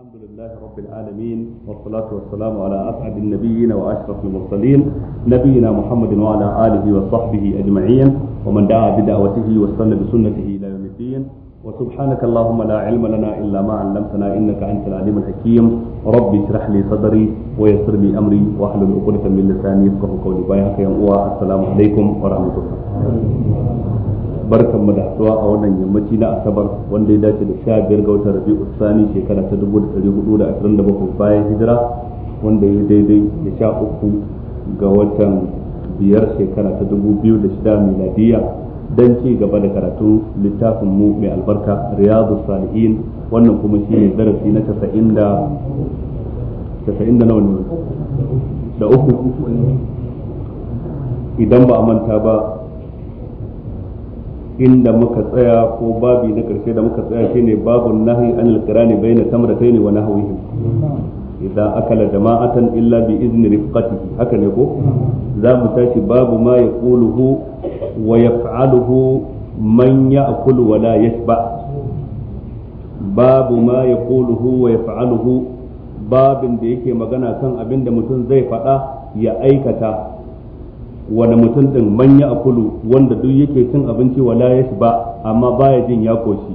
الحمد لله رب العالمين والصلاة والسلام على أسعد النبيين وأشرف المرسلين نبينا محمد وعلى آله وصحبه أجمعين ومن دعا بدعوته واستنى بسنته إلى يوم الدين وسبحانك اللهم لا علم لنا إلا ما علمتنا إنك أنت العليم الحكيم ربي اشرح لي صدري ويسر لي أمري واحلل عقدة من لساني يفقه قولي بايعك يا السلام عليكم ورحمة الله barkan mu da haɗuwa a wannan yammaci na asabar wanda ya dace da sha biyar ga watan rabi'u sani shekara ta dubu da ɗari hudu da ashirin da bakwai bayan hijira wanda ya daidai da sha uku ga watan biyar shekara ta dubu biyu da shida miladiyya dan ci gaba da karatu littafin mu mai albarka riyadu salihin wannan kuma shi ne darasi na casa'in da casa'in da nawa ne da uku idan ba a manta ba inda muka tsaya ko babi na karshe da muka tsaya shine babun nahi anil qirani baina tamratayn wa nahwihim idan akala jama'atan illa bi izni rifqatihi haka ne ko za mu tashi babu ma yaquluhu wa yaf'aluhu man ya'kulu wa la yashba babu ma yaquluhu wa yaf'aluhu babin da yake magana kan abin da mutum zai faɗa ya aikata wani mutum din manya a kulu wanda duk yake cin abinci wala ya yashi ba amma baya jin ya koshi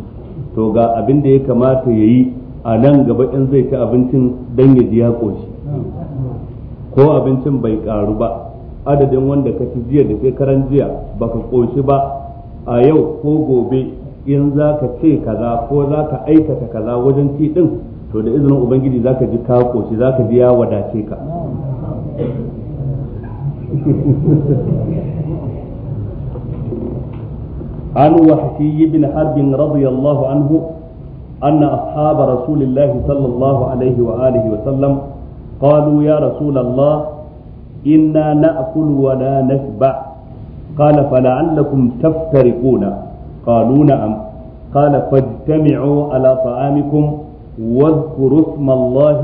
to ga abin da ya kamata ya yi a nan gaba in zai ci abincin dan ya ji ya koshi ko abincin bai karu ba adadin wanda ka ci jiya da shekaran jiya ba ka koshi ba a yau ko gobe in za ka ce kaza ko za ka aikata kaza wajen ci din to da izinin ubangiji za ka ji ka koshi za ka ji ya wadace ka عن وحشي بن حرب رضي الله عنه أن أصحاب رسول الله صلى الله عليه وآله وسلم قالوا يا رسول الله إنا نأكل ولا نشبع قال فلعلكم تفترقون قالوا نعم قال فاجتمعوا على طعامكم واذكروا اسم الله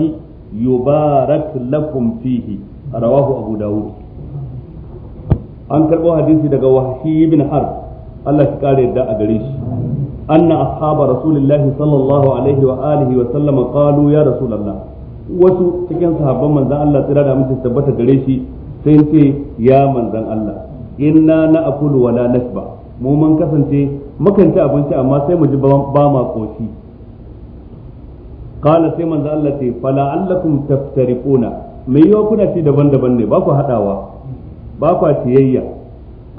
يبارك لكم فيه رواه أبو داود an karbo hadisi daga wahshi ibn harb Allah ya kare yadda a gare shi anna ashaba rasulillahi sallallahu alaihi wa alihi wa sallam qalu ya rasulullah wasu cikin sahabban manzon Allah tsira da mutum tabbata gare shi sai ce ya manzon Allah inna na'kulu wa la nashba mu man kasance mukan abinci amma sai mu ji ba ma koshi qala sai manzon Allah ce fala allakum taftarifuna mai yawa kuna ci daban-daban ne ba ku ba kwa siyayya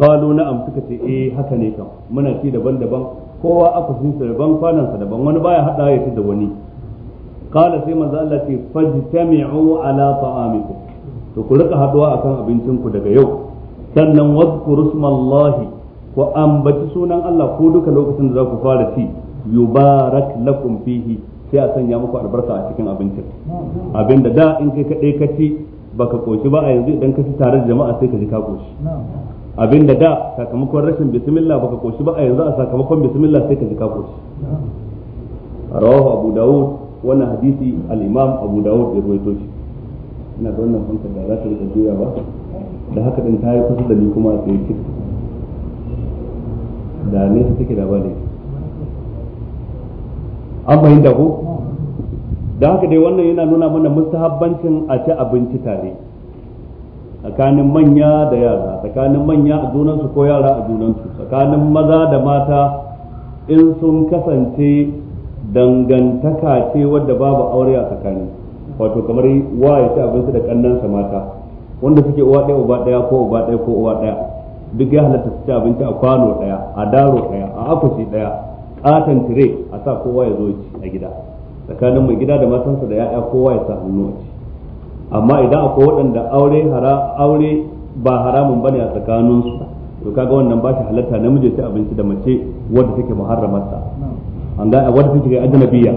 na na'am suka ce eh haka ne kam muna ci daban-daban kowa aka sun sa daban kwanan sa daban wani baya hada ya ci da wani kala sai manzo Allah ce fajtami'u ala ta'amikum to ku rika haduwa akan abincin ku daga yau sannan wadhkuru smallahi ku ambaci sunan Allah ko duka lokacin da za ku fara ci yubarak lakum fihi sai a sanya muku albarka a cikin abincin abinda da in kai kaɗai ka ci baka koshi ba a yanzu idan ka ci tare da jama'a sai ka ji ka koshi abinda da sakamakon rashin bismillah baka koshi ba a yanzu a sakamakon bismillah sai ka ji ka koshi rawahu abu dawud wannan hadisi al-imam abu dawud ya ruwaito shi ina da wannan fanka da za ta rika ba da haka din ta yi kusa da ni kuma a tsaye da nesa take da ba da an fahimta ko da haka dai wannan yana nuna mana mustahabbancin a ci abinci tare tsakanin manya da yara tsakanin manya a junansu ko yara a junansu tsakanin maza da mata in sun kasance dangantaka ce wadda babu aure a tsakani wato kamar wa ya ci abinci da kannansa mata wanda suke uwa ɗaya uba ɗaya ko uba ɗaya ko uwa ɗaya duk ya halatta su ci abinci a kwano ɗaya a daro ɗaya a akwashi ɗaya katon tire a sa kowa ya zo a gida tsakanin mai gida da matansa da ya'ya kowa ya sa hannu a ci amma idan akwai waɗanda aure aure ba haramun bane a tsakaninsu to kaga wannan ba shi halatta namiji ta abinci da mace wadda take muharramarta an ga wadda take ajnabiya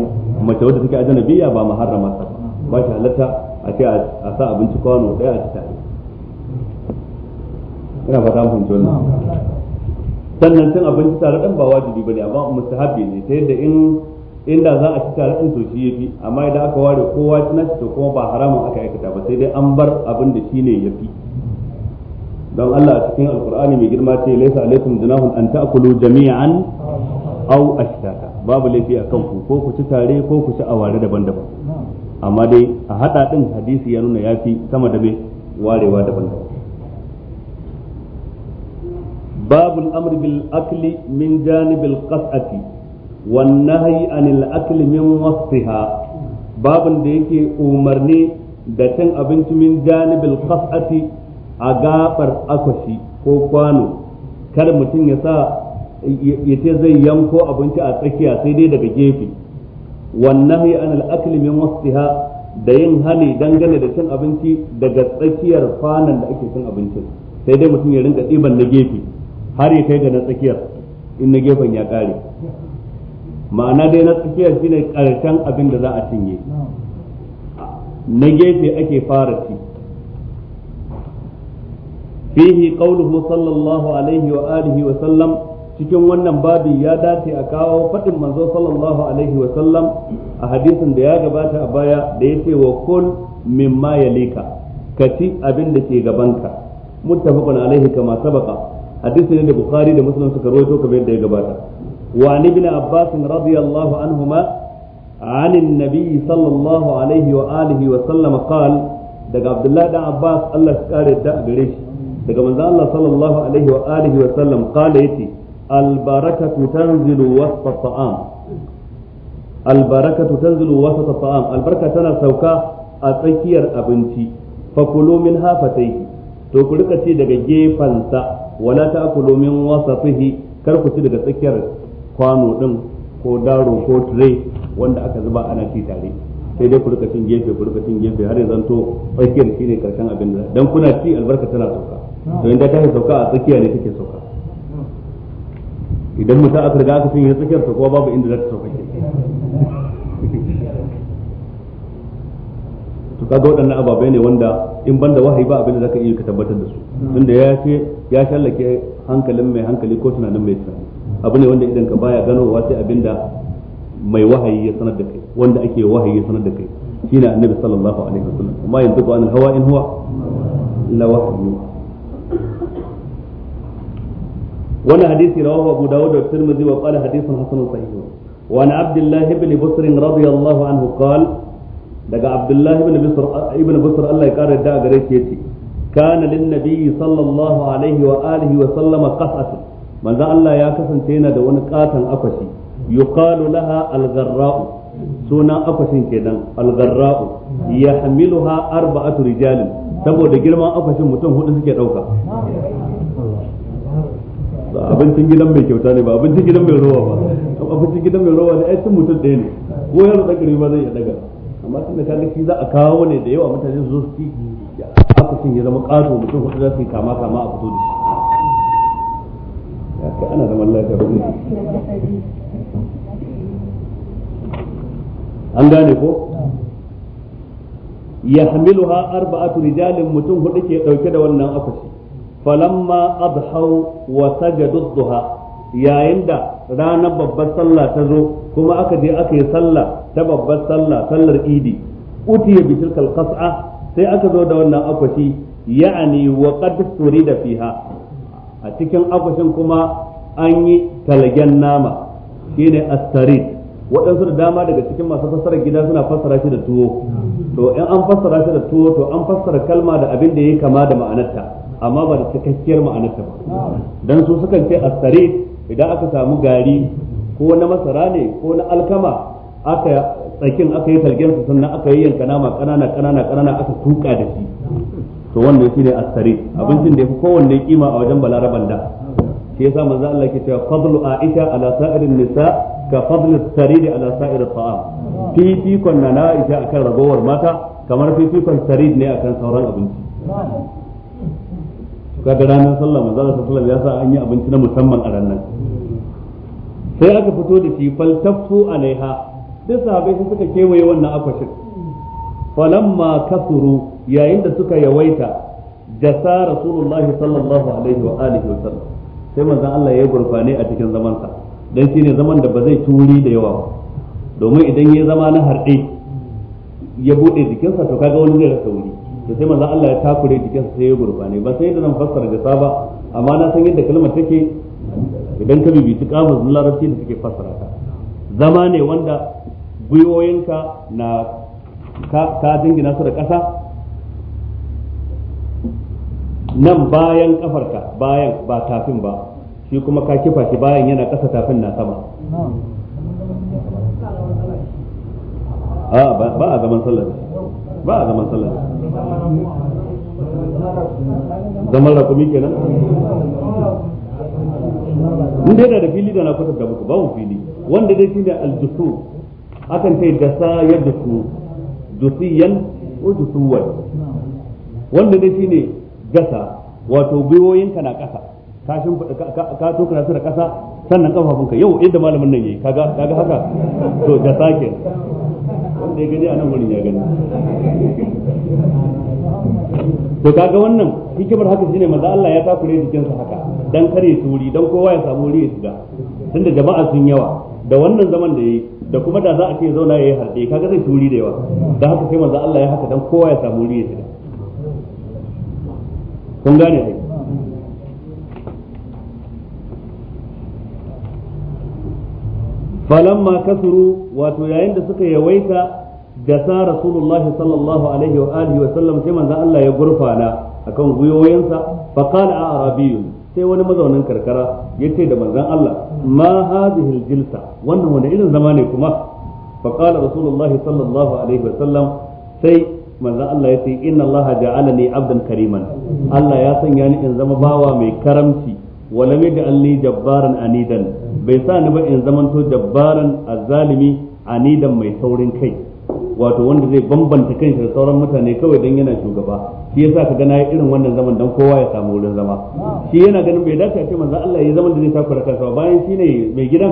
mace wadda take ajnabiya ba muharramarta ba shi halatta a ce a sa abinci kwano daya a ci tare ina fata mun ji wannan sannan cin abinci tare dan ba wajibi bane amma mustahabi ne ta yadda in inda za a ci tare in to shi yafi amma idan aka ware kowa ci nashi to kuma ba haramun aka aikata ba sai dai an bar abin da shine yafi don Allah a cikin alkur'ani mai girma ce laisa alaikum junahun an ta'kulu jami'an aw ashtata babu laifi a ku ko ku ci tare ko ku ci a ware daban-daban amma dai a hada din hadisi ya nuna yafi sama da mai warewa daban-daban babu amr bil akli min janibil qas'ati والنهي عن الاكل من min باب babin da yake umarni da cin abinci min janibil qas'ati a gabar akwashi ko kwano kar mutum ya sa ya ce zai yanko abinci a tsakiya sai dai daga gefe wannan an anil akli min wasfiha da yin hali dangane da cin abinci daga tsakiyar kwanan da ake cin abinci sai dai mutum ya rinka ɗiban na gefe har ya kai ga na tsakiyar in na gefen ya ƙare ma'ana dai na tsakiyar shine karshen abin da za a cinye na gefe ake fara ci fihi qauluhu sallallahu alaihi wa alihi wa sallam cikin wannan babi ya dace a kawo faɗin manzo sallallahu alaihi wa sallam a hadisin da ya gabata a baya da yace wa kul mimma yalika ka ci abin da ke gabanka muttafaqun alaihi kama sabaqa hadisi ne da bukhari da muslim suka rawaito kamar yadda ya gabata وعن ابن عباس رضي الله عنهما عن النبي صلى الله عليه وآله وسلم قال daga Abdullahi dan Abbas Allah ya kare da shi daga manzo Allah sallallahu alaihi wa alihi wa sallam kala yace al barakatu tanzilu wasfa ta'am al barakatu tanzilu wasfa ta'am al baraka tana sauka a tsakiyar abinci fa kulu min hafatayhi to ku rika ci daga gefansa wala ta'kulu min wasafihi kar ku daga tsakiyar kwano din ko daro ko tray wanda aka zuba ana ci tare sai dai ku rika cin gefe ku rika cin gefe har ya zanto tsakiyar shine karshen abin da dan kuna ci albarka tana sauka to inda ta sauka a tsakiya ne take sauka idan mutum aka riga aka cinye tsakiyar ta kuma babu inda za ta sauka to kaga waɗannan ababai ne wanda in banda wahayi ba abin da zaka iya ka tabbatar da su tunda ya ce ya shallake hankalin mai hankali ko tunanin mai tunani abu ne wanda idan ka baya ganowa sai abinda mai wahayi ya sanar da kai wanda ake wahayi ya sanar da kai shine annabi sallallahu alaihi wasallam amma yanzu ba an hawa in huwa la wahyi wannan hadisi rawahu abu dawud da tirmidhi wa qala hadithun hasanun sahih wa an abdullah ibn busr radiyallahu anhu qala daga abdullah ibn busr ibn busr Allah ya kare da gare shi yace kana lin nabi sallallahu alaihi wa alihi wa sallama qasatun manzon Allah ya kasance yana da wani katon akwashi yuqalu laha al sunan akwashin kenan yahmiluha arba'atu rijalin saboda girman akwashin mutum hudu suke dauka abincin gidan mai kyauta ne ba abincin gidan mai rowa ba abincin gidan mai rowa ne mutum ɗaya ne ko yaro ba zai iya daga amma za a kawo ne da yawa mutane su zo su ci akwashin ya zama ƙato mutum hudu za su yi kama kama a fito da shi ka ana zaman lafiya ba an gane ko ya arba'atu rijalin mutum hudu ke dauke da wannan akwati falamma adhau wa sajadu duha yayin da ranar babbar sallah ta zo kuma aka je aka yi sallah ta babbar sallah sallar idi utiya bi tilkal qas'a sai aka zo da wannan akwati ya'ani wa qad surida fiha a cikin akwashin kuma an yi talagen nama shine astarid waɗansu da dama daga cikin masu fassara gida suna fassara shi da tuwo to in an fassara shi da tuwo to an fassara kalma da abin da ya yi kama da ma'anarta amma ba da cikakkiyar ma'anarta ba dan su sukan ce astarid idan aka samu gari ko na masara ne ko na alkama aka tsakin aka yi talgen su sannan aka yi yanka nama kanana kanana kanana aka tuka da shi to wannan shine asari abincin da yafi kowanne kima a wajen balaraban da shi yasa manzo Allah ke cewa fadlu aisha ala sa'irin nisa ka fadlu sariri ala sa'irin ta'am fifikon na aisha akan ragowar mata kamar fifikon sarid ne akan sauran abinci kaga ranar sallah manzo Allah sallallahu alaihi wasallam ya sa an yi abinci na musamman a ranar sai aka fito da shi faltaffu alaiha duk sahabbai suka kewaye wannan akwashin falamma kasuru yayin da suka yawaita jasa rasulullahi sallallahu alaihi wa alihi wa sallam sai manzon Allah ya gurfane a cikin zaman sa dan shine zaman da ba zai turi da yawa ba domin idan ya zama na harɗe ya bude jikinsa to kaga wani zai rasa wuri to sai manzon Allah ya takure jikinsa sai ya gurfane ba sai da nan fassara jasa ba amma na san yadda kalmar take idan ka bibiti kafin larabci da take fassara ta zama ne wanda gwiwoyinka na ka dingina su da ƙasa nan bayan kafarka bayan ba tafin ba shi kuma ka kifa shi bayan yana kasa tafin na sama ah, ba a zaman sallar ba a zaman sallar zaman rakumi kenan inda yana da fili da na da muku babu fili wanda dai shine aljusu akan kai dasa ya dusu dusiyan ko dusuwar wanda dai shine gasa wato gwiwoyinka na ƙasa ka shimfiɗa ka tokara su da ƙasa sannan kafafunka yau yadda malamin nan yayi kaga kaga haka to da sake wanda ya gani a nan wurin ya gani to kaga wannan hikimar haka shine manzo Allah ya takure sa haka dan kare su wuri dan kowa ya samu wuri ya shiga tunda jama'a sun yawa da wannan zaman da yayi da kuma da za a ce zauna yayi harbe kaga zai turi da yawa dan haka sai manzo Allah ya haka dan kowa ya samu wuri ya shiga kun gane dai falamma kasuru wato yayin da suka yawaita gasa sa rasulullahi sallallahu alaihi wa alihi wa sallam sai manzo Allah ya gurfana akan guyoyinsa fa qala arabiyyun sai wani mazaunin karkara yace da manzon Allah ma hadhihi aljilsa wannan wani irin zama ne kuma fa qala rasulullahi sallallahu alaihi wa sallam sai manzo Allah ya ce inna Allah ja'alani abdan kariman Allah ya sanya ni in zama bawa mai karamci walam yaj'al alli jabbaran anidan bai sa ni ba in zamanto jabbaran azzalimi anidan mai saurin kai wato wanda zai bambanta kansa da sauran mutane kawai dan yana shugaba shi yasa ka ga nayi irin wannan zaman dan kowa ya samu wurin zama shi yana ganin bai dace a ce manzo Allah ya zaman da zai takura kansa bayan shine mai gidan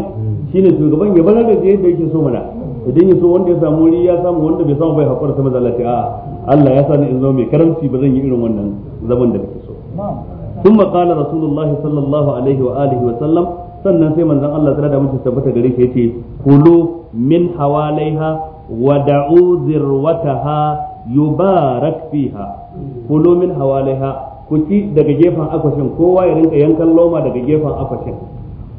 shine shugaban ya balaga da yake so mana idan yaso wanda ya samu wuri ya samu wanda bai samu bai hakura sama da Allah a Allah ya sa ni in zama mai karamci ba zan yi irin wannan zaman da kake so ثم قال رسول الله صلى الله عليه وآله وسلم sannan sai manzon Allah tsara da mutum tabbata gare shi yace kulu min hawalaiha wa da'u zirwataha yubarak fiha kulu min hawalaiha ku ci daga gefen akwashin kowa ya rinka yankan loma daga gefen akwashin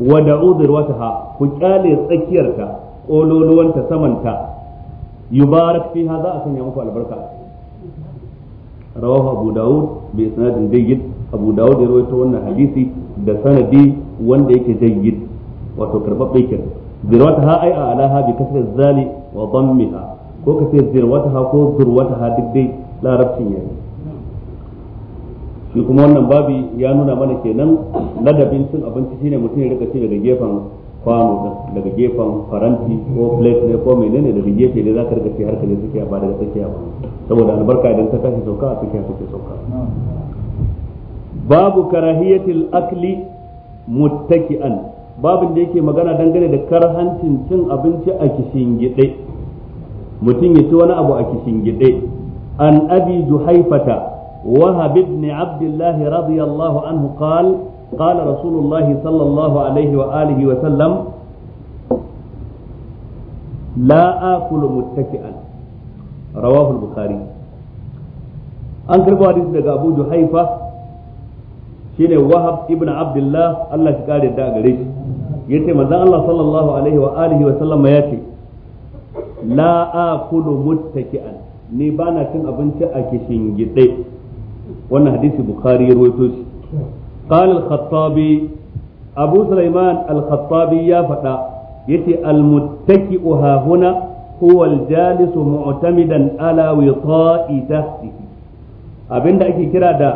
wa da'u zirwataha ku kyale tsakiyarta Ƙololuwanta samanta yubarak fi za a sanya muku albarka rawahu abu dawud bai sanadin jayyid abu dawud ya rawaito wannan hadisi da sanadi wanda yake jayyid wato karbabbe zirwata ha ai a alaha bi kasr zali wa dammiha ko ka ce ha ko ha duk dai larabcin yayi shi kuma wannan babi ya nuna mana kenan ladabin cin abinci shine mutum ya rika ci daga gefen kwano daga gefen faranti ko plate ne ko menene daga gefe ne zaka rika ci har suke je tsakiya ba suke tsakiya ba saboda albarka idan ta tashi sauka a tsakiya suke sauka babu karahiyatil akli muttaki'an babin da yake magana dangane da karhancin cin abinci a kishin gide mutum ya ci wani abu a kishin gide an abi juhaifata wahab ibn abdullah radiyallahu anhu qala قال رسول الله صلى الله عليه وآله وسلم لا آكل متكئا رواه البخاري hadisi daga abu juhaifa shine wahab ibn abdullah Allah shi kare da gare shi yace manzon Allah sallallahu alaihi wa alihi wa sallama yace la ne muttaki'an ni bana cin abinci a kishin gide wannan hadisi bukhari ya rawaito قال الخطابي أبو سليمان الخطابي يا فتى يتي المتكئ ها هنا هو الجالس معتمدا على وطاء تحته abin da ake kira da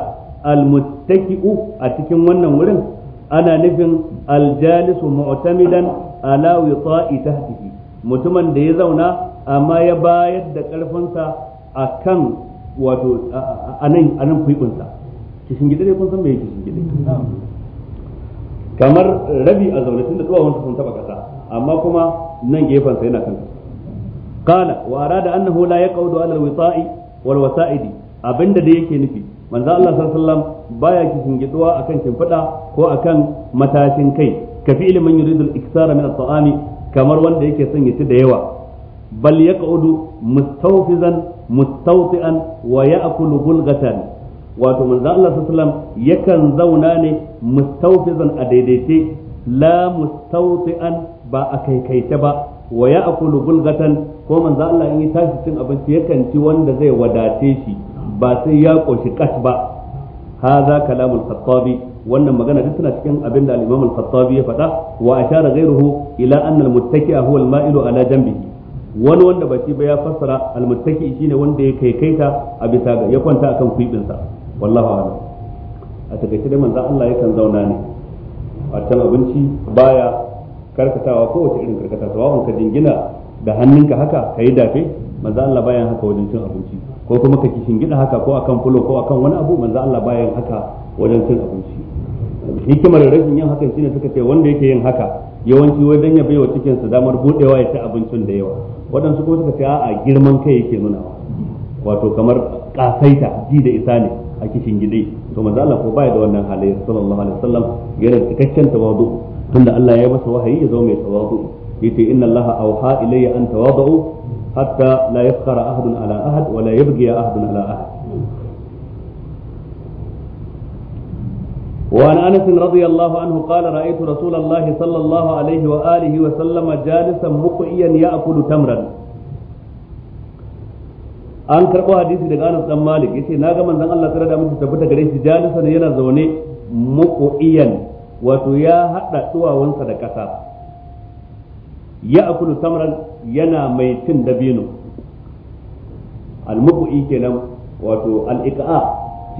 almuttaki'u a cikin wannan wurin ana nufin aljalisu mu'tamidan ala mutumin da ya zauna amma ya bayar da karfinsa akan wato anan kishin ne kun san me kamar rabi a zaune tunda sun taba kasa amma kuma nan gefen sa yana kan qala wa arada annahu la yaqudu ala alwita'i wal wasa'idi abinda da yake nufi manzo Allah sallallahu alaihi wasallam baya kishin akan shimfida ko akan matashin kai ka fi ilimin yuridu al-iksara min at-ta'ami kamar wanda yake son ya da yawa bal yaqudu mustawfizan mustawti'an wa ya'kulu bulghatan wato manzo Allah sallallahu alaihi yakan zauna ne mustawfizan a daidaice la mustawti'an ba a kaikaice ba wa ya'kulu bulgatan ko manzo Allah in ya tashi cin abinci yakan ci wanda zai wadace shi ba sai ya koshi kas ba hadha kalamul khattabi wannan magana duk tana cikin abin da al-Imam al-Khattabi ya faɗa wa ashara ghayruhu ila anna al-muttaki'a huwa al-ma'ilu ala janbihi wani wanda ba shi ba ya fassara almuttaki shine wanda ya kai kaita a bisa ga ya kwanta akan sa wallahu a'lam a takaice dai manzon Allah yakan zauna ne a can abinci baya karkatawa ko wace irin karkata sawa'un ka jingina da hannunka haka ka yi dafe manzo Allah bayan haka wajen cin abinci ko kuma ka kishingida haka ko akan fulo ko akan wani abu manzo Allah bayan haka wajen cin abinci hikimar rashin yin hakan shine suka ce wanda yake yin haka yawanci wajen ya baiwa cikin sa damar budewa ya ci abincin da yawa waɗansu kuma suka ce a'a girman kai yake nuna wato kamar kasaita ji da isa ne a kishin gide to manzo Allah ko baya da wannan halayya sallallahu alaihi wasallam yana cikakken tawadu tunda Allah ya yi masa wahayi ya zo mai tawadu yace inna Allah awha ilayya an tawadu hatta la yafkhara ahadun ala ahad wa la yabghi ahadun ala ahad وعن انس رضي الله عنه قال رايت رسول الله صلى الله عليه واله وسلم جالسا مقيا ياكل تمرا an karɓo hadisi daga Anas dan Malik yace na ga manzon Allah sallallahu da wasallam tabbata gare shi jalisa ne yana zaune muqiyan wato ya hada duwawansa da kasa ya akulu tamran yana mai cin dabino al-muqi kenan wato al-iqa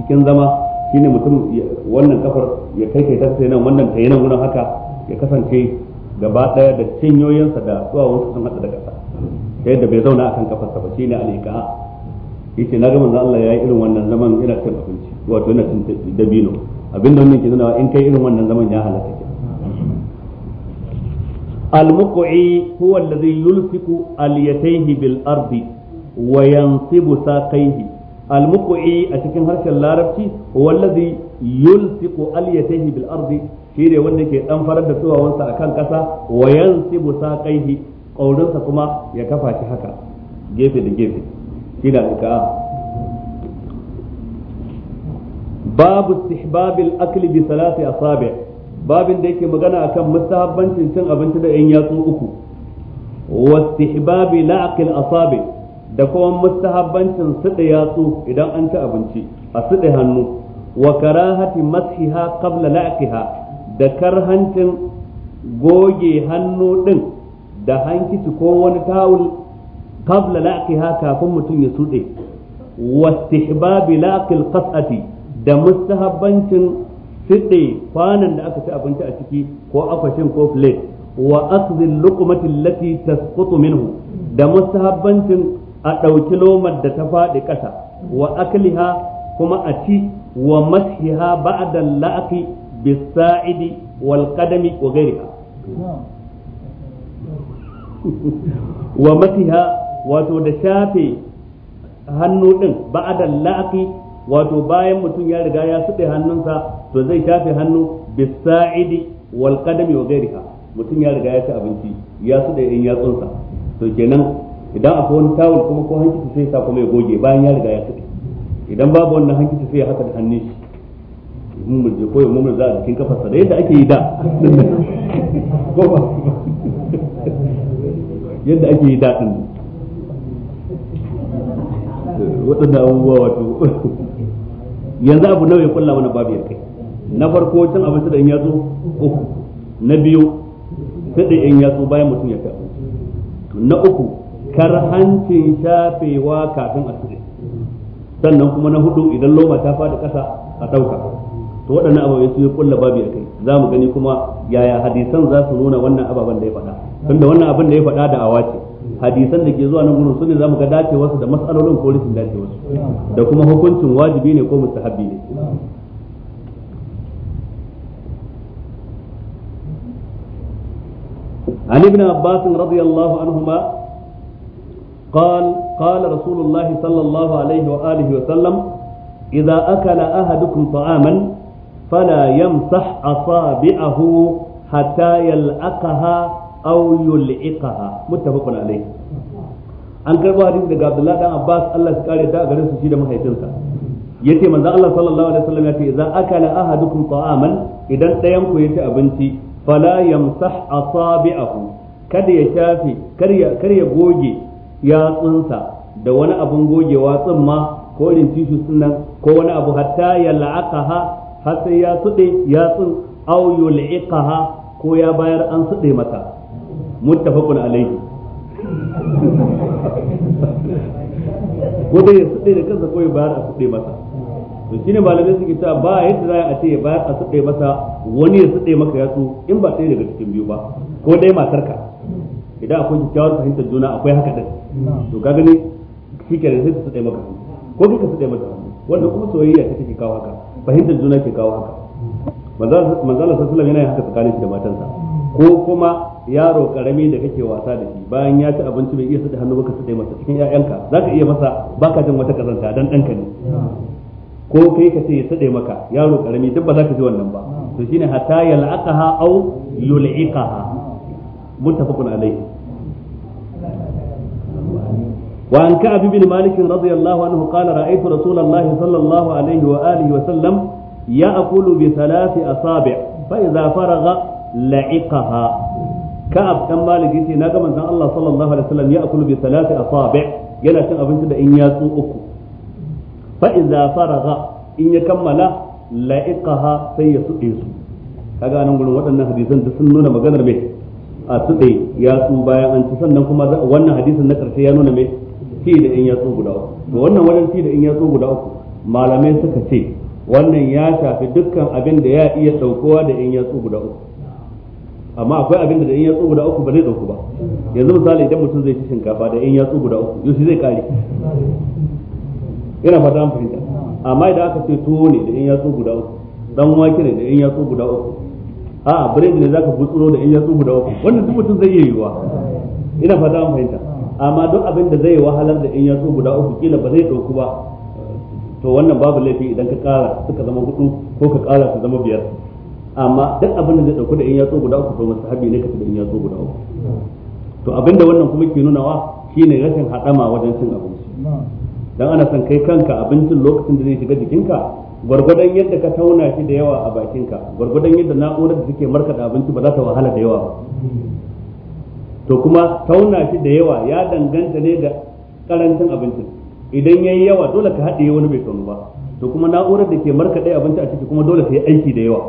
cikin zama shine mutum wannan kafar ya kai kai tasa nan wannan kai nan gurin haka ya kasance gaba daya da cinyoyinsa da duwawansa sun hada da kasa sai da bai zauna akan kafarsa ba shine al-iqa yace na ga manzon Allah ya yi irin wannan zaman ina cin abinci wato ina cin dabino abinda wannan ke nuna in kai irin wannan zaman ya halaka ke al-muqi huwa alladhi yulsiku al-yatayhi bil ardi wa yansibu saqayhi al-muqi a cikin harshen larabci huwa alladhi yulsiku al-yatayhi bil ardi shi ne wanda ke dan farar da tsuwawansa akan kasa wa yansibu saqayhi kaurinsa kuma ya kafa shi haka gefe da gefe ila ka babu istihbabil akli bi salati asabi babin da yake magana akan mustahabbancin cin abinci da yan yatsu uku wa istihbabi la'qil asabi da kuma mustahabbancin sida yatsu idan an ci abinci a sida hannu wa karahati mashiha qabla laqiha da karhancin goge hannu din da hankici ko wani tawul qabla laqiha kafin mutum ya sude wastihbab laqi da mustahabbancin sude kwanan da aka ci abinci a ciki ko akwashin ko plate wa akhdhi luqmati allati tasqutu minhu da mustahabbancin a ɗauki lomar da ta faɗi ƙasa wa akliha kuma a ci wa mashiha ba'da la'aqi bisa'idi wal qadami wa ghayriha wa mashiha wato da shafe hannu din ba'adal laqi wato bayan mutum ya riga ya sude hannunsa to zai shafe hannu bisa'idi wal qadami wa ghairiha mutum ya riga ya ci abinci ya sude in ya tsunsa to kenan idan akwai wani tawul kuma ko hanki sai sa kuma ya goge bayan ya riga ya sude idan babu wannan hanki sai ya haka da hannun shi mun je ko mun za a cikin kafarsa da yadda ake yi da ko ba yadda ake yi da din waɗanda abubuwa wato yanzu abu nawa ya kulla mana babu kai na farko can abinci da in yatsu uku na biyu sai in yatsu bayan mutum ya ci na uku karhancin shafewa kafin a tsire sannan kuma na hudu idan loma ta fada ƙasa a ɗauka to waɗannan ababe su ya kulla babu kai za mu gani kuma yaya hadisan za su nuna wannan ababen da ya faɗa tunda wannan abin da ya faɗa da awa ce hadisan da ke zuwa nan gurin sune zamu ga dacewarsu da mas'alolin ko rashin dacewarsu da kuma hukuncin wajibi ne ko mustahabbi ne عن ابن عباس رضي الله عنهما قال قال رسول الله صلى الله عليه وآله وسلم إذا أكل أحدكم طعاما فلا يمسح أصابعه حتى يلأقها aw yul'iqaha muttafaqun alayh an karbo hadisi daga Abdullah dan Abbas Allah ya kare ta garin su shi da mahaifinsa yace manzo Allah sallallahu alaihi wasallam yace idza akala ahadukum ta'aman idan dayan ku yace abinci fala yamsah asabi'ahu kada ya shafe kar ya kar ya goge yatsunsa da wani abun gogewa tsumma ko tishu sunan ko wani abu hatta ya la'aqaha har sai ya sude yatsun aw yul'iqaha ko ya bayar an sude mata muttafaqun alaihi ko dai ya da kansa ko ya bayar a suɗe masa to shine malamai suke cewa ba yadda za a ce ya bayar a suɗe masa wani ya suɗe maka yatsu in ba sai daga cikin biyu ba ko dai matarka idan akwai kyakkyawar fahimtar juna akwai haka din to ka gani shike da sai su suɗe maka ko kika suɗe masa wanda kuma soyayya ta take kawo haka fahimtar juna ke kawo haka manzala sallallahu yana haka tsakanin shi da matansa ko kuma yaro karami da kake wasa da shi bayan ya ci abinci bai iya sada hannu baka sada masa cikin ƴaƴanka zaka iya masa baka jin wata kazanta dan danka ne ko kai ka ce ya sada maka yaro karami duk ba za ka ji wannan ba to shine hatta yal'aqaha aw yul'iqaha muttafaqun alayhi وعن كعب بن مالك رضي الله عنه قال رأيت رسول الله صلى الله عليه وآله وسلم يأكل بثلاث أصابع فإذا فرغ لعقها كعب كان مالك يتي ناقا من الله صلى الله عليه وسلم يأكل بثلاث أصابع يلا كان أبنت دا إن ياسو فإذا فرغ إن يكمل لعقها kaga anan gurin waɗannan hadisan sun nuna maganar mai a tsuɗe yatsu bayan an ci sannan kuma wannan na ƙarshe ya nuna mai fi da in yatsu guda uku to wannan wajen fi da in yatsu guda uku malamai suka ce wannan ya shafi dukkan abin da ya iya daukowa da in yatsu guda uku amma akwai abin da in yatsu guda uku ba zai dauku ba yanzu misali idan mutum zai ci shinkafa da in yatsu guda uku yau zai kare ina fata an fahimta amma idan aka ce tuwo ne da in yatsu guda uku dan wake ne da in yatsu guda uku a biredi ne zaka butsuro da in yatsu guda uku wannan duk mutum zai iya yiwa ina fata an fahimta amma duk abin da zai wahalar da in yatsu guda uku kila ba zai dauku ba to wannan babu laifi idan ka kara suka zama hudu ko ka kara su zama biyar amma duk abin da zai dauko da in yatsu guda uku to musahabi ne ka da in yatsu guda uku to abinda wannan kuma ke nunawa ne rashin haɗama wajen cin abinci dan ana son kai kanka abincin lokacin da zai shiga jikinka gwargwadon yadda ka tauna shi da yawa a bakinka gwargwadon yadda na'urar da suke markada abinci ba za ta wahala da yawa ba to kuma tauna shi da yawa ya danganta ne da karancin abincin idan yayi yawa dole ka haɗe wani bai tonu ba to kuma na'urar da ke markaɗe abinci a ciki kuma dole ta yi aiki da yawa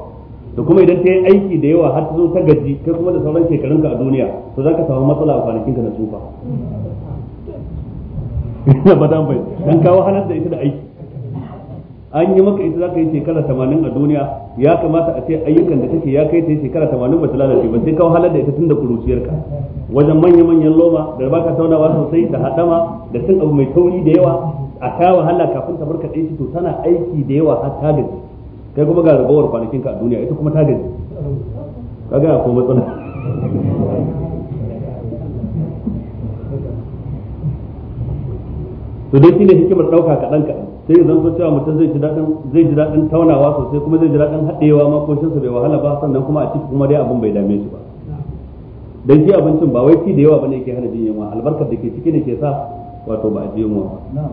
to kuma idan ta yi aiki da yawa har ta zo ta gaji kai kuma da sauran shekarunka a duniya to za ka samu matsala a ka na tsufa ina ba dan kawo halar da ita da aiki an yi maka ita zaka yi shekara tamanin a duniya ya kamata a ce ayyukan da take ya kai ta yi shekara tamanin ba ta lalace ba sai kawo halar da ita tun da kuruciyarka wajen manya-manyan loma da ba ka taunawa sosai da hadama da cin abu mai tauri da yawa a ta wahala kafin ta barka ɗaya to tana aiki da yawa har ta gaji kai kuma ga kwanakin ka a duniya ita kuma ta gaji ka ga ko matsala to dai shine hikimar ɗauka kaɗan kaɗan sai ya zanto cewa mutum zai ji daɗin zai ji daɗin taunawa sosai kuma zai ji daɗin haɗewa ma bai wahala ba sannan kuma a ciki kuma dai abin bai dame shi ba dan abincin ba wai ci da yawa bane yake hana jin yunwa albarkar da ke ciki ne ke sa wato ba a ji yunwa ba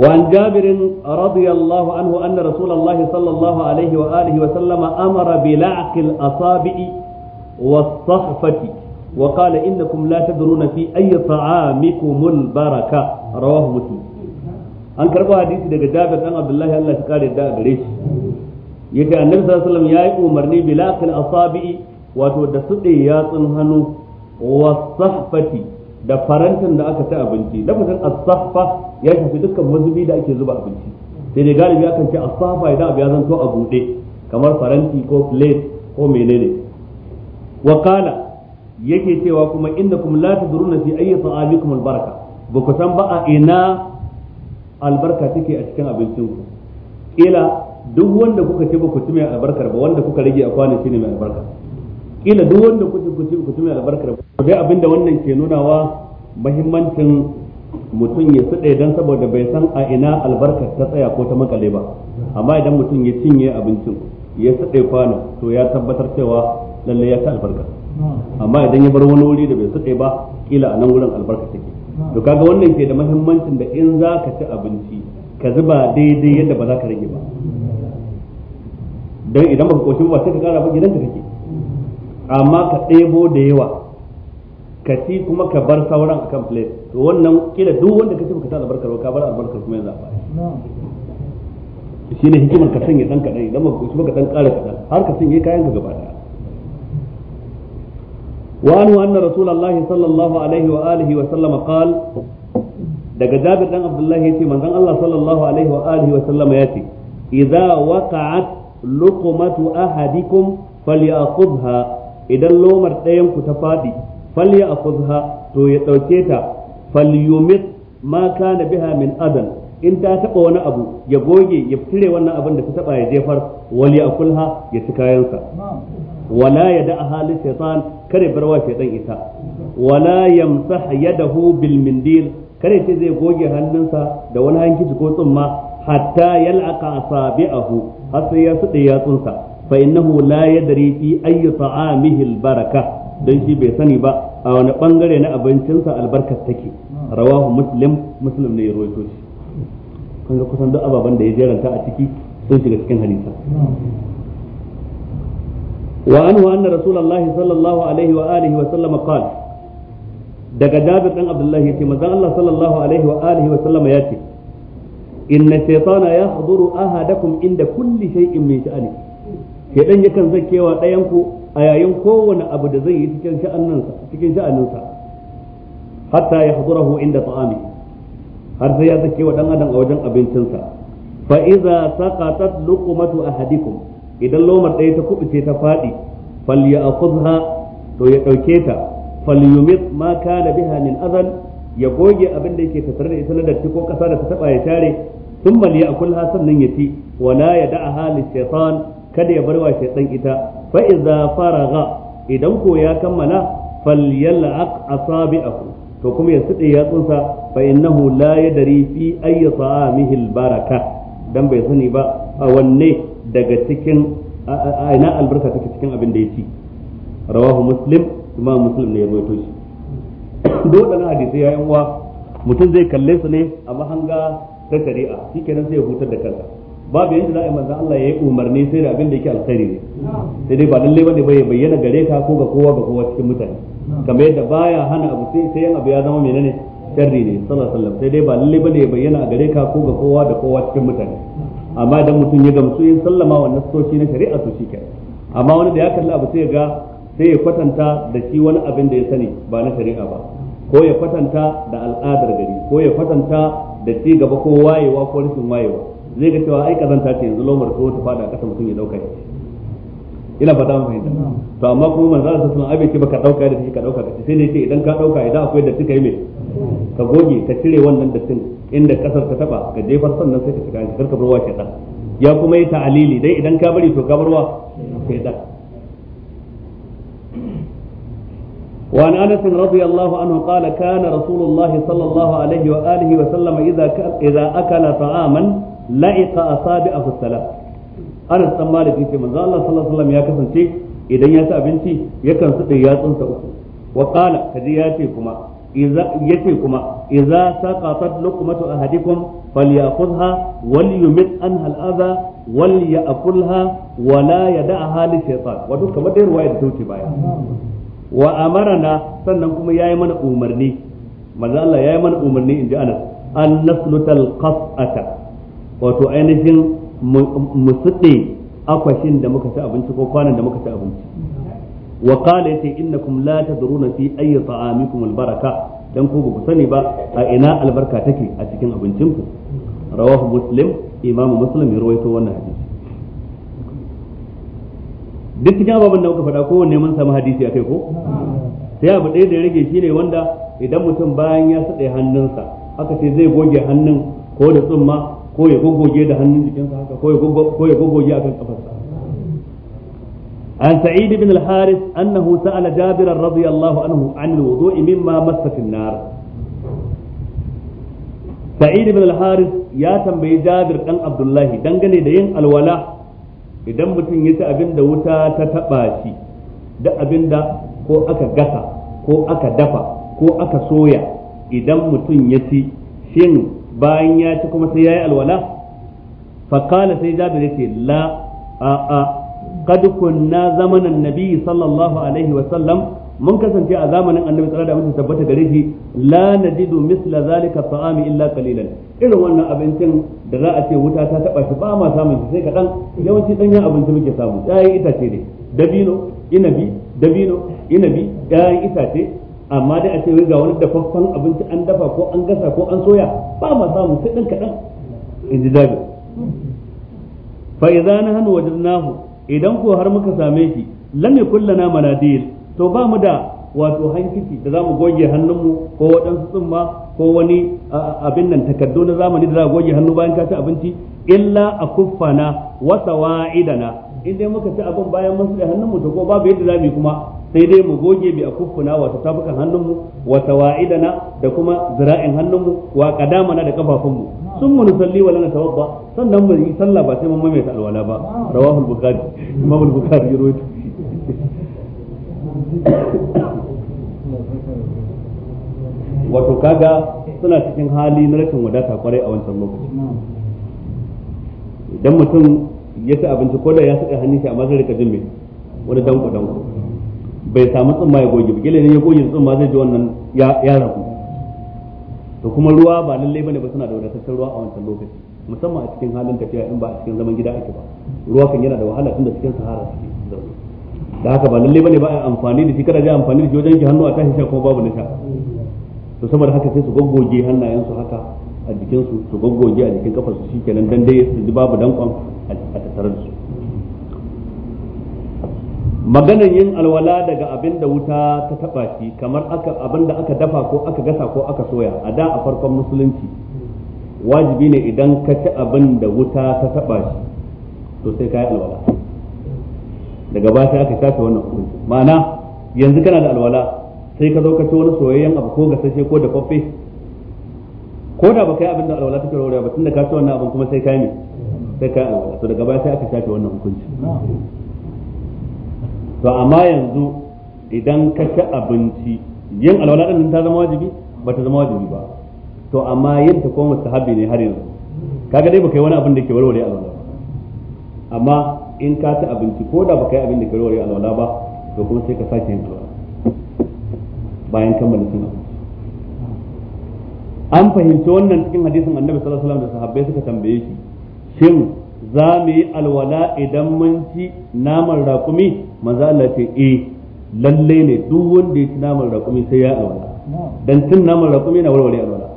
وعن جابر رضي الله عنه أن رسول الله صلى الله عليه وآله وسلم أمر بلعق الأصابع والصحفة وقال إنكم لا تدرون في أي طعامكم البركة rawah muslim an karɓo hadisi daga Jabir dan Abdullahi Allah shi kare da gare shi ya ce annabi sallallahu alaihi wasallam yi umarni bil asabii asabi wato da sude yatsun hannu wa da farantin da aka ta abinci da as-sahfa ya shafi dukkan mazubi da ake zuba abinci sai dai galibi akan ce as da idan abu ya zanto a buɗe kamar faranti ko plate ko menene wa qala yake cewa kuma innakum la tadruna fi ayyi sa'abikum albaraka barka. ba ku san ba a ina albarka take a cikin abincin ku kila duk wanda kuka ci ba ku ci mai albarkar ba wanda kuka rage a kwanan shine mai albarka kila duk wanda kuka ci ku ci ku ci mai albarkar ba dai abinda wannan ke nunawa muhimmancin mutum ya tsaye dan saboda bai san a ina albarkar ta tsaya ko ta makale ba amma idan mutum ya cinye abincin ya tsaye kwano to ya tabbatar cewa lalle ya ci albarka amma idan ya bar wani wuri da bai tsaye ba kila a nan wurin albarka take to kaga wannan ke da muhimmancin da in za ka ci abinci ka zuba daidai yadda ba za ka rage ba don idan ka koshi ba sai ka kara ba ka kake amma ka ɗebo da yawa ka ci kuma ka bar sauran akan plate to wannan kila duk wanda ka ci ka ta albarkar ka bar albarkar kuma yanzu a baya ne hikimar ka sanya ɗan kaɗan idan baka ba ka ɗan ƙara kaɗan har ka sanya kayan ka gaba ɗaya وأنه أن رسول الله صلى الله عليه وآله وسلم daga Jabir dan Abdullahi yace manzon Allah sallallahu alaihi wa alihi wa sallama yace idza waqa'at luqmatu ahadikum falyakhudha idan lomar ɗayan ku ta fadi falyakhudha to ya ɗauke ta falyumit ma kana biha min adan in ta taba wani abu ya goge ya cire wannan abin da ta taba ya jefar wal yakulha ya ci kayansa wala ya da ahalin shaitan kare barwa shaitan ita wala ya da hu mindil kare ce zai goge hannunsa da wani hankici ko tsumma hatta yal'aqa a hu sai ya sude yatsunsa fa innahu la yadri fi ayyi ta'amihi al baraka don shi bai sani ba a wani bangare na abincinsa albarkar take rawahu muslim muslim ne ya rawaito shi kusan duk ababen da ya jeranta a ciki sun shiga cikin hadisa وعنه أن رسول الله صلى الله عليه وآله وسلم قال daga Jabir dan Abdullahi yace manzon Allah sallallahu alaihi wa alihi wa sallama yace inna shaytana yahduru ahadakum inda kulli shay'in min sha'ani shaytan yakan zakewa dayan ku a yayin kowane abu da zai yi cikin sha'aninsa cikin sha'aninsa hatta yahdurahu inda ta'ami har sai ya zakewa dan adam a wajen abincinsa fa idza saqatat luqmatu ahadikum idan lomar ɗaya ta kubuce ta faɗi falyakhudha to ya ɗauke ta falyumit ma kana biha min azan ya goge abin da yake tattare da ita na datti ko kasa da ta taba ya share thumma liyakul sannan ya ci wala ya da'a li shaytan kada ya barwa ɗan ita fa idza idan ko ya kammala falyal'aq asabi'ahu to kuma ya tsitse ya tsunsa fa innahu la yadri fi ayyi ta'amihi al-baraka dan bai sani ba a wanne daga cikin aina albarka take cikin abin da ya ci rawahu muslim kuma muslim ne ya rawaito shi duk waɗannan ya yayin uwa mutum zai kalle su ne a mahanga ta shari'a shikenan sai ya hutar da kansa babu yanda za a yi manzan Allah ya yi umarni sai da abin da yake alkhairi ne sai dai ba lallai bane bai bayyana gare ka ko ga kowa ga kowa cikin mutane kamar yadda baya hana abu sai sai yan abu ya zama menene sharri ne sallallahu alaihi wasallam sai dai ba lallai bane ya bayyana gare ka ko ga kowa da kowa cikin mutane amma idan mutum ya gamsu yin sallama wa nasoshi na shari'a to shi kenan amma wani da ya kalli abu sai ga sai ya kwatanta da shi wani abin da ya sani ba na shari'a ba ko ya kwatanta da al'adar gari ko ya kwatanta da ci gaba ko wayewa ko rashin wayewa zai ga cewa ai kazanta ce yanzu lomar ko ta fada kasa mutum ya dauka ina fata mun fahimta to amma kuma manzo Allah sallallahu alaihi wasallam abin ce baka dauka da shi ka dauka sai ne ce idan ka dauka idan akwai da kika yi mai ka goge ka cire wannan dattin inda kasar ka taba ka jefar sannan sai ka shiga ka karka barwa da ya kuma yi ta'alili dai idan ka bari to ka barwa shaytan وعن انس رضي الله عنه قال كان رسول الله صلى الله wa واله وسلم اذا اذا اكل طعاما لئق اصابعه الثلاث انس بن مالك يقول من الله صلى الله ya kasance idan ya ci abinci yakan su yatsunsa uku wa qala kaji yace kuma yace kuma idza saqatat luqmatu ahadikum falyakhudha walyumit anha al-adha walyakulha wa la yad'aha li shaytan wato kamar da ruwaya da tauce baya wa amarna sannan kuma yayi mana umarni manzo Allah yayi mana umarni inji Anas an naslutal qas'ata wato ainihin mu akwa akwashin da muka ci abinci ko kwanan da muka ci abinci wa qala yace innakum la tadruna fi ayyi ta'amikum albaraka dan ku ba ku sani ba a ina albarka take a cikin abincinku rawahu muslim imamu muslim ya rawaito wannan hadisi duk cikin ababen da muka faɗa kowanne mun samu hadisi akai ko sai abu ɗaya da ya rage shine wanda idan mutum bayan ya saɗe hannunsa aka ce zai goge hannun ko da tsumma ko ya goggoge da hannun jikinsa haka ko ya goggoge kan kafarsa عن سعيد بن الحارث أنه سأل جابر رضي الله عنه عن الوضوء مما مست النار سعيد بن الحارث يا تنبي جابر كان عبد الله دنجني دين الولاء idan mutum ya ci abin da wuta ta taɓa shi da abin da ko aka gasa ko aka dafa ko aka soya idan mutum ya ci shin bayan ya ci kuma sai ya yi alwala faƙala sai jabir ya ce la a'a qad kunna zamanan nabi sallallahu alaihi wa sallam mun kasance a zamanin annabi tsara da mutum tabbata gare shi la najidu misla zalika ta'ami illa qalilan irin wannan abincin da za a ce wuta ta taba shi ba ma samun shi sai kadan yawanci danyen abinci muke samu yayin itace ne dabino inabi dabino inabi yayin itace amma dai a ce ga wani dafaffen abinci an dafa ko an gasa ko an soya ba ma samu sai dan kadan in ji dabi fa idan ko har muka same shi lam yakullana lana manadil to ba mu da wato hankici da zamu goge hannunmu ko waɗansu tsumma ko wani abin nan takardu na zamani da za goge hannu bayan ka ci abinci illa akuffana wa sawaidana in dai muka ci abin bayan mun da hannunmu to ko babu yadda zamu yi kuma sai dai mu goge bi akuffuna wato tafukan hannunmu wa sawaidana da kuma zira'in hannunmu wa kadamana da kafafunmu sun mu nusalli lana natawadda sannan mu yi sallah ba sai mun ta alwala ba rawahul bukhari imam al-bukhari ya rawaito wato kaga suna cikin hali na rashin wadata kwarai a wancan lokaci idan mutum ya ci abinci ko da ya saka hannun shi amma zai rika jin mai wani danko danko bai samu tsumma ya goge ba gele ne ya goge tsumma zai ji wannan ya ragu da kuma ruwa ba lallai bane ba suna da wadataccen ruwa a wancan lokaci musamman a cikin halin tafiya in ba a cikin zaman gida ake ba ruwa kan yana da wahala tun da cikin sahara suke zaune da haka ba lallai bane ba a amfani da shi kada ga amfani da shi wajen ki hannu a tashi sha kuma babu nisha to saboda haka sai su goggoge hannayen su haka a jikin su su goggoge a jikin kafar su shikenan dan dai su ji babu dankon a tattare da su maganin yin alwala daga abin da wuta ta taba shi kamar abin da aka dafa ko aka gasa ko aka soya a da a farkon musulunci wajibi ne idan ka ci abin da wuta ta taba shi to sai ka yi alwala daga ba sai aka shafe wannan hukunci ma'ana yanzu kana da alwala sai ka zo ka ci wani soyayyen abu ko gasashe ko dafaffe ko da ka yi abin da alwala take rawarewa ba tunda ka ci wannan abin kuma sai ka yi sai ka yi alwala to daga ba sai aka shafe wannan hukunci to amma yanzu idan ka ci abinci yin alwala din ta zama wajibi ba ta zama wajibi ba to amma yin ta ko mustahabi ne har yanzu kaga dai baka yi wani abin da ke warware alwala ba amma in ka ci abinci ko da baka yi abin da ke warware alwala ba to kuma sai ka sake yin alwala bayan kammala cin an fahimci wannan cikin hadisin annabi sallallahu alaihi wasallam da sahabbai suka tambaye shi shin za mu yi alwala idan mun ci naman raƙumi manzo Allah ce e lalle ne duk wanda ya ci naman raƙumi sai ya alwala dan cin naman raƙumi na warware alwala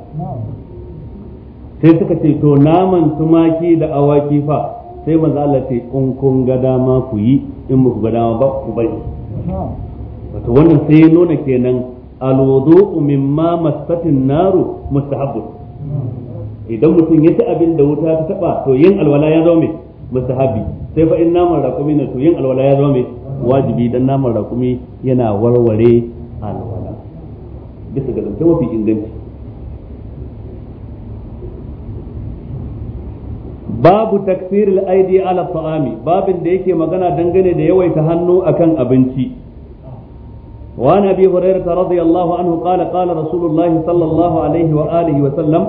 sai suka ce to naman tumaki da awaki fa sai manzo Allah ce in kun ga dama ku yi in muku ga dama ba ku bari wato wannan sai ya nuna kenan alwudu mimma masatin naru mustahabbu idan mutum ya ci abin da wuta ta taba to yin alwala ya mai mustahabi sai fa in naman raƙumi ne to yin alwala ya mai wajibi dan naman rakumi yana warware alwala bisa ga zance mafi inganci babu taksir al-aidi ala ta'ami babin da yake magana dangane da yawaita hannu akan abinci wa nabi hurairah radiyallahu anhu qala qala rasulullahi sallallahu alaihi wa alihi wa sallam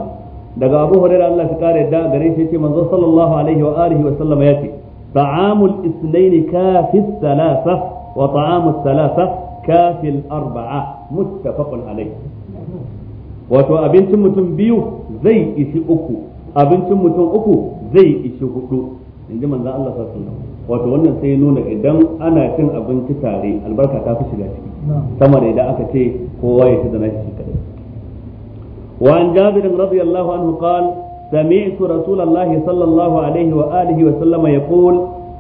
daga abu hurairah Allah ya kare da gare shi yace manzo sallallahu alaihi wa wa sallam طعام الاثنين كافي الثلاثة وطعام الثلاثة كافي الأربعة متفق عليه wato abincin mutum biyu zai ishi uku abincin mutum uku zai ishi hudu in ji manzan Allah sassu wato wannan sai nuna idan ana cin abinci tare albarka ta fi shiga ciki sama da idan aka ce kowa ya ci da nashi shi kadai wa an jabirin radiyallahu anhu qala سمعت رسول الله صلى الله عليه وآله وسلم يقول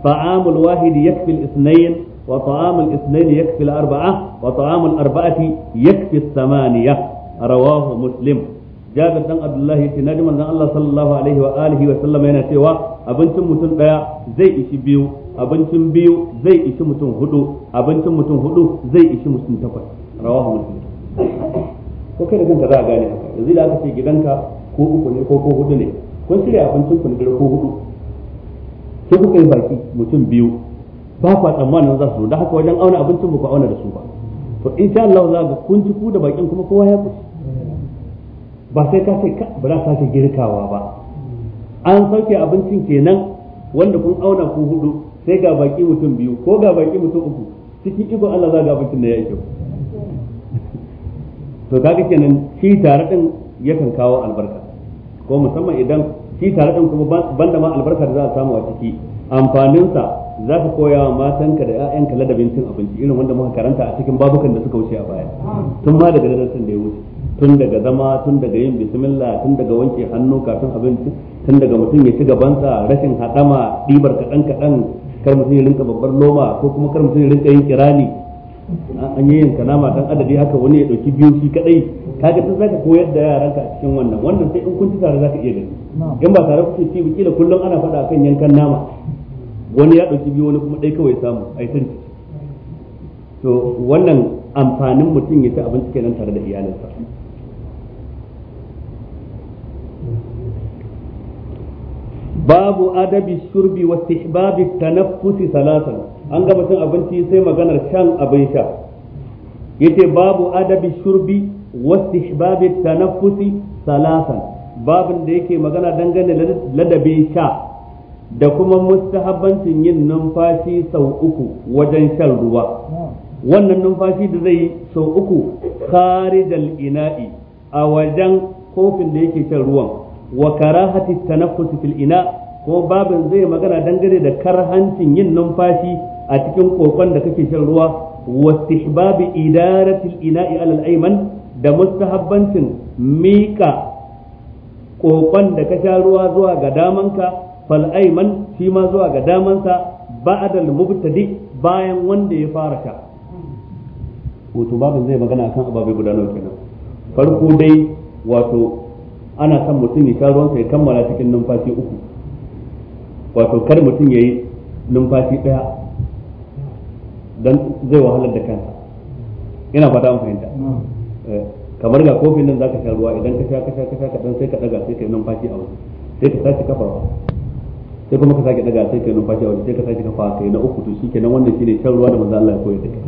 طعام الواحد يكفي الاثنين وطعام الاثنين يكفي الأربعة وطعام الأربعة يكفي الثمانية رواه مسلم جابر بن عبد الله yace naji manzon Allah sallallahu alaihi wa alihi wa sallam yana cewa abincin mutum daya zai ishi biyu abincin biyu zai ishi mutum hudu abincin mutum hudu zai ishi mutum takwas rawahu muslim ko da kanka za a gane da aka ce gidanka ko uku ne ko ko hudu ne kun shirya abincin ku dare ko hudu sai kuka yi baki mutum biyu ba ku tsammanin za su zo da haka wajen auna abincin ku ku auna da su ba to insha Allah za ku kun ci ku da bakin kuma kowa ya kusa ba sai ka sai ka ba za ka sai girkawa ba an sauke abincin kenan wanda kun auna ku hudu sai ga baki mutum biyu ko ga baki mutum uku cikin iko Allah za ga abincin da ya kyau to kaga kenan shi tare din yakan kawo albarka ko musamman idan shi tare ɗin kuma banda ma albarkar za a samu a ciki amfaninsa za ka koya wa matanka da 'ya'yanka ladabin cin abinci irin wanda muka karanta a cikin babukan da suka wuce a baya tun ma daga darasin da ya wuce tun daga zama tun daga yin bismillah tun daga wanke hannu kafin abinci tun daga mutum ya ci gabansa rashin haɗama ɗibar kaɗan kaɗan kar mutum ya rinka babbar loma ko kuma kar mutum ya rinka yin kirani an yi yin kanama dan adadi haka wani ya ɗauki biyu shi kaɗai kaga duk zaka koyar da yaranka a cikin wannan wannan sai in kun ci tare zaka iya gani in ba tare kuke ci da kullum ana faɗa akan yankan nama wani ya ɗauki biyu wani kuma dai kawai samu ai san to wannan amfanin mutum ya ci abinci kenan tare da iyalinsa babu adabi shurbi wa istihbabi tanaffusi salatan an gaba cin abinci sai maganar shan abin sha yace babu adabi shurbi واستحباب التنفس ثلاثا babin da yake magana dangane ladabi sha da kuma mustahabbancin yin numfashi sau uku wajen shan ruwa wannan numfashi da zai yi sau uku kharijal ina'i a wajen kofin da yake shan ruwan wa karahati tanaffus fil ina ko babin zai magana dangane da karhancin yin numfashi a cikin kokon da kake shan ruwa wa istihbabi idaratil ina'i alal ayman da mustahabbancin miƙa kokon da ka sha ruwa zuwa ga damanka fal ayman shi ma zuwa ga damansa ba'dal mubtadi bayan wanda ya fara ka wato babin zai magana akan ababe guda nawa kenan farko dai wato ana son mutum ya sha ruwansa ya kammala cikin numfashi uku wato kar mutum ya yi numfashi ɗaya don zai wahalar da kansa ina fata an fahimta mm. eh, kamar ga kofin nan zaka sha ruwa idan ka sha ka sha ka sha kadan sai ka daga sai kai numfashi a waje sai ka sake kafawa sai kuma ka sake daga sai kai numfashi a waje sai ka sake kafawa kai na uku to shikenan wannan shine shan ruwa da manzo Allah ya koyar da kai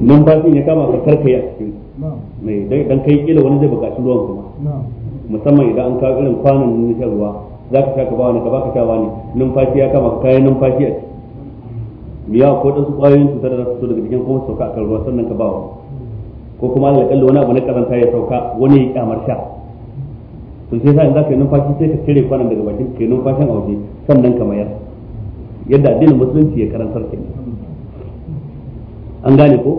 numfashi ya kama ka karkaya a cikin mai dan kai kila wani zai shi ruwan kuma musamman idan an kawo irin kwanan na shan ruwa zaka sha ka ba wani ka baka sha wani numfashi ya kama ka kai numfashi a cikin miya ko da su kwayoyin cutar da za su fito daga jikin kuma sauka a ruwa sannan ka bawa ko kuma kalli wani abu na karanta ya sauka wani ya kyamar sha to sai sai in ka yi numfashi sai ka cire kwanan daga bakin ka yi numfashin a waje sannan ka mayar yadda addinin musulunci ya karantar ke an gane ko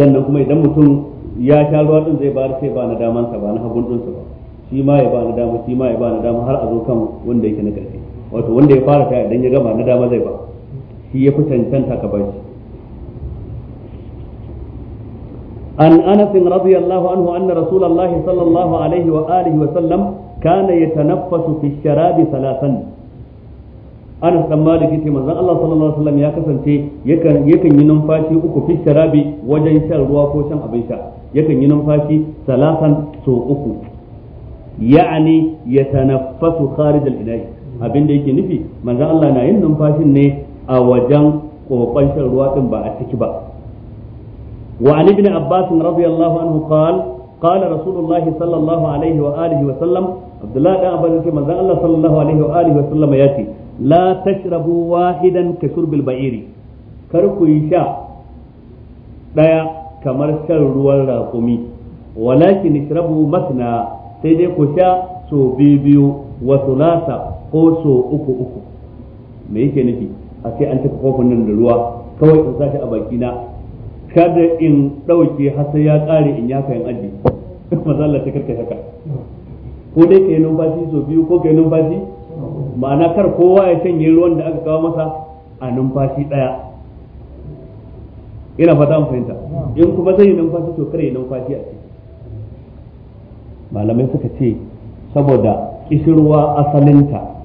sannan kuma idan mutum ya sha ruwa din zai bayar sai ba na damansa ba na hagun dinsa ba shi ma ya ba na dama shi ma ya ba na dama har a zo kan wanda yake na ƙarshe wato wanda ya fara taya idan ya gama na dama zai ba shi ya fi cancanta ka bashi an anas radiyallahu anhu anna rasulullahi sallallahu alaihi wa alihi wa sallam kana yatanaffasu fi sharabi salasan anas dan malik yace manzon Allah sallallahu alaihi wasallam ya kasance yakan yakan yi numfashi uku fi sharabi wajen shan ruwa ko shan abin sha yakan yi numfashi salasan so uku ya'ani yatanaffasu kharij al-ina'i abin da yake nufi manzon Allah na yin numfashin ne a wajen kokon shan ruwa din ba a ciki ba wa an ibn abbas radiyallahu anhu qala qala rasulullah sallallahu alaihi wa alihi wa sallam abdullah dan abbas yake manzon Allah sallallahu alaihi wa alihi wa sallam yace la tashrabu wahidan ka shurbil ba'iri kar ku yi sha daya kamar shan ruwan raƙumi walakin ishrabu masna sai dai ku sha so biyu biyu wa thulatha ko so uku uku me yake nufi a sai an cika kofin nan da ruwa kawai in sashi a baki na kada in ɗauke har sai ya kare in yaka in aji maza Allah ta karka haka ko dai kai numfashi so biyu ko kai numfashi ma'ana kar kowa ya shanye ruwan da aka kawo masa a numfashi ɗaya ina fata an fahimta in kuma zai numfashi to kare numfashi a ce. malamai suka ce saboda kishirwa asalinta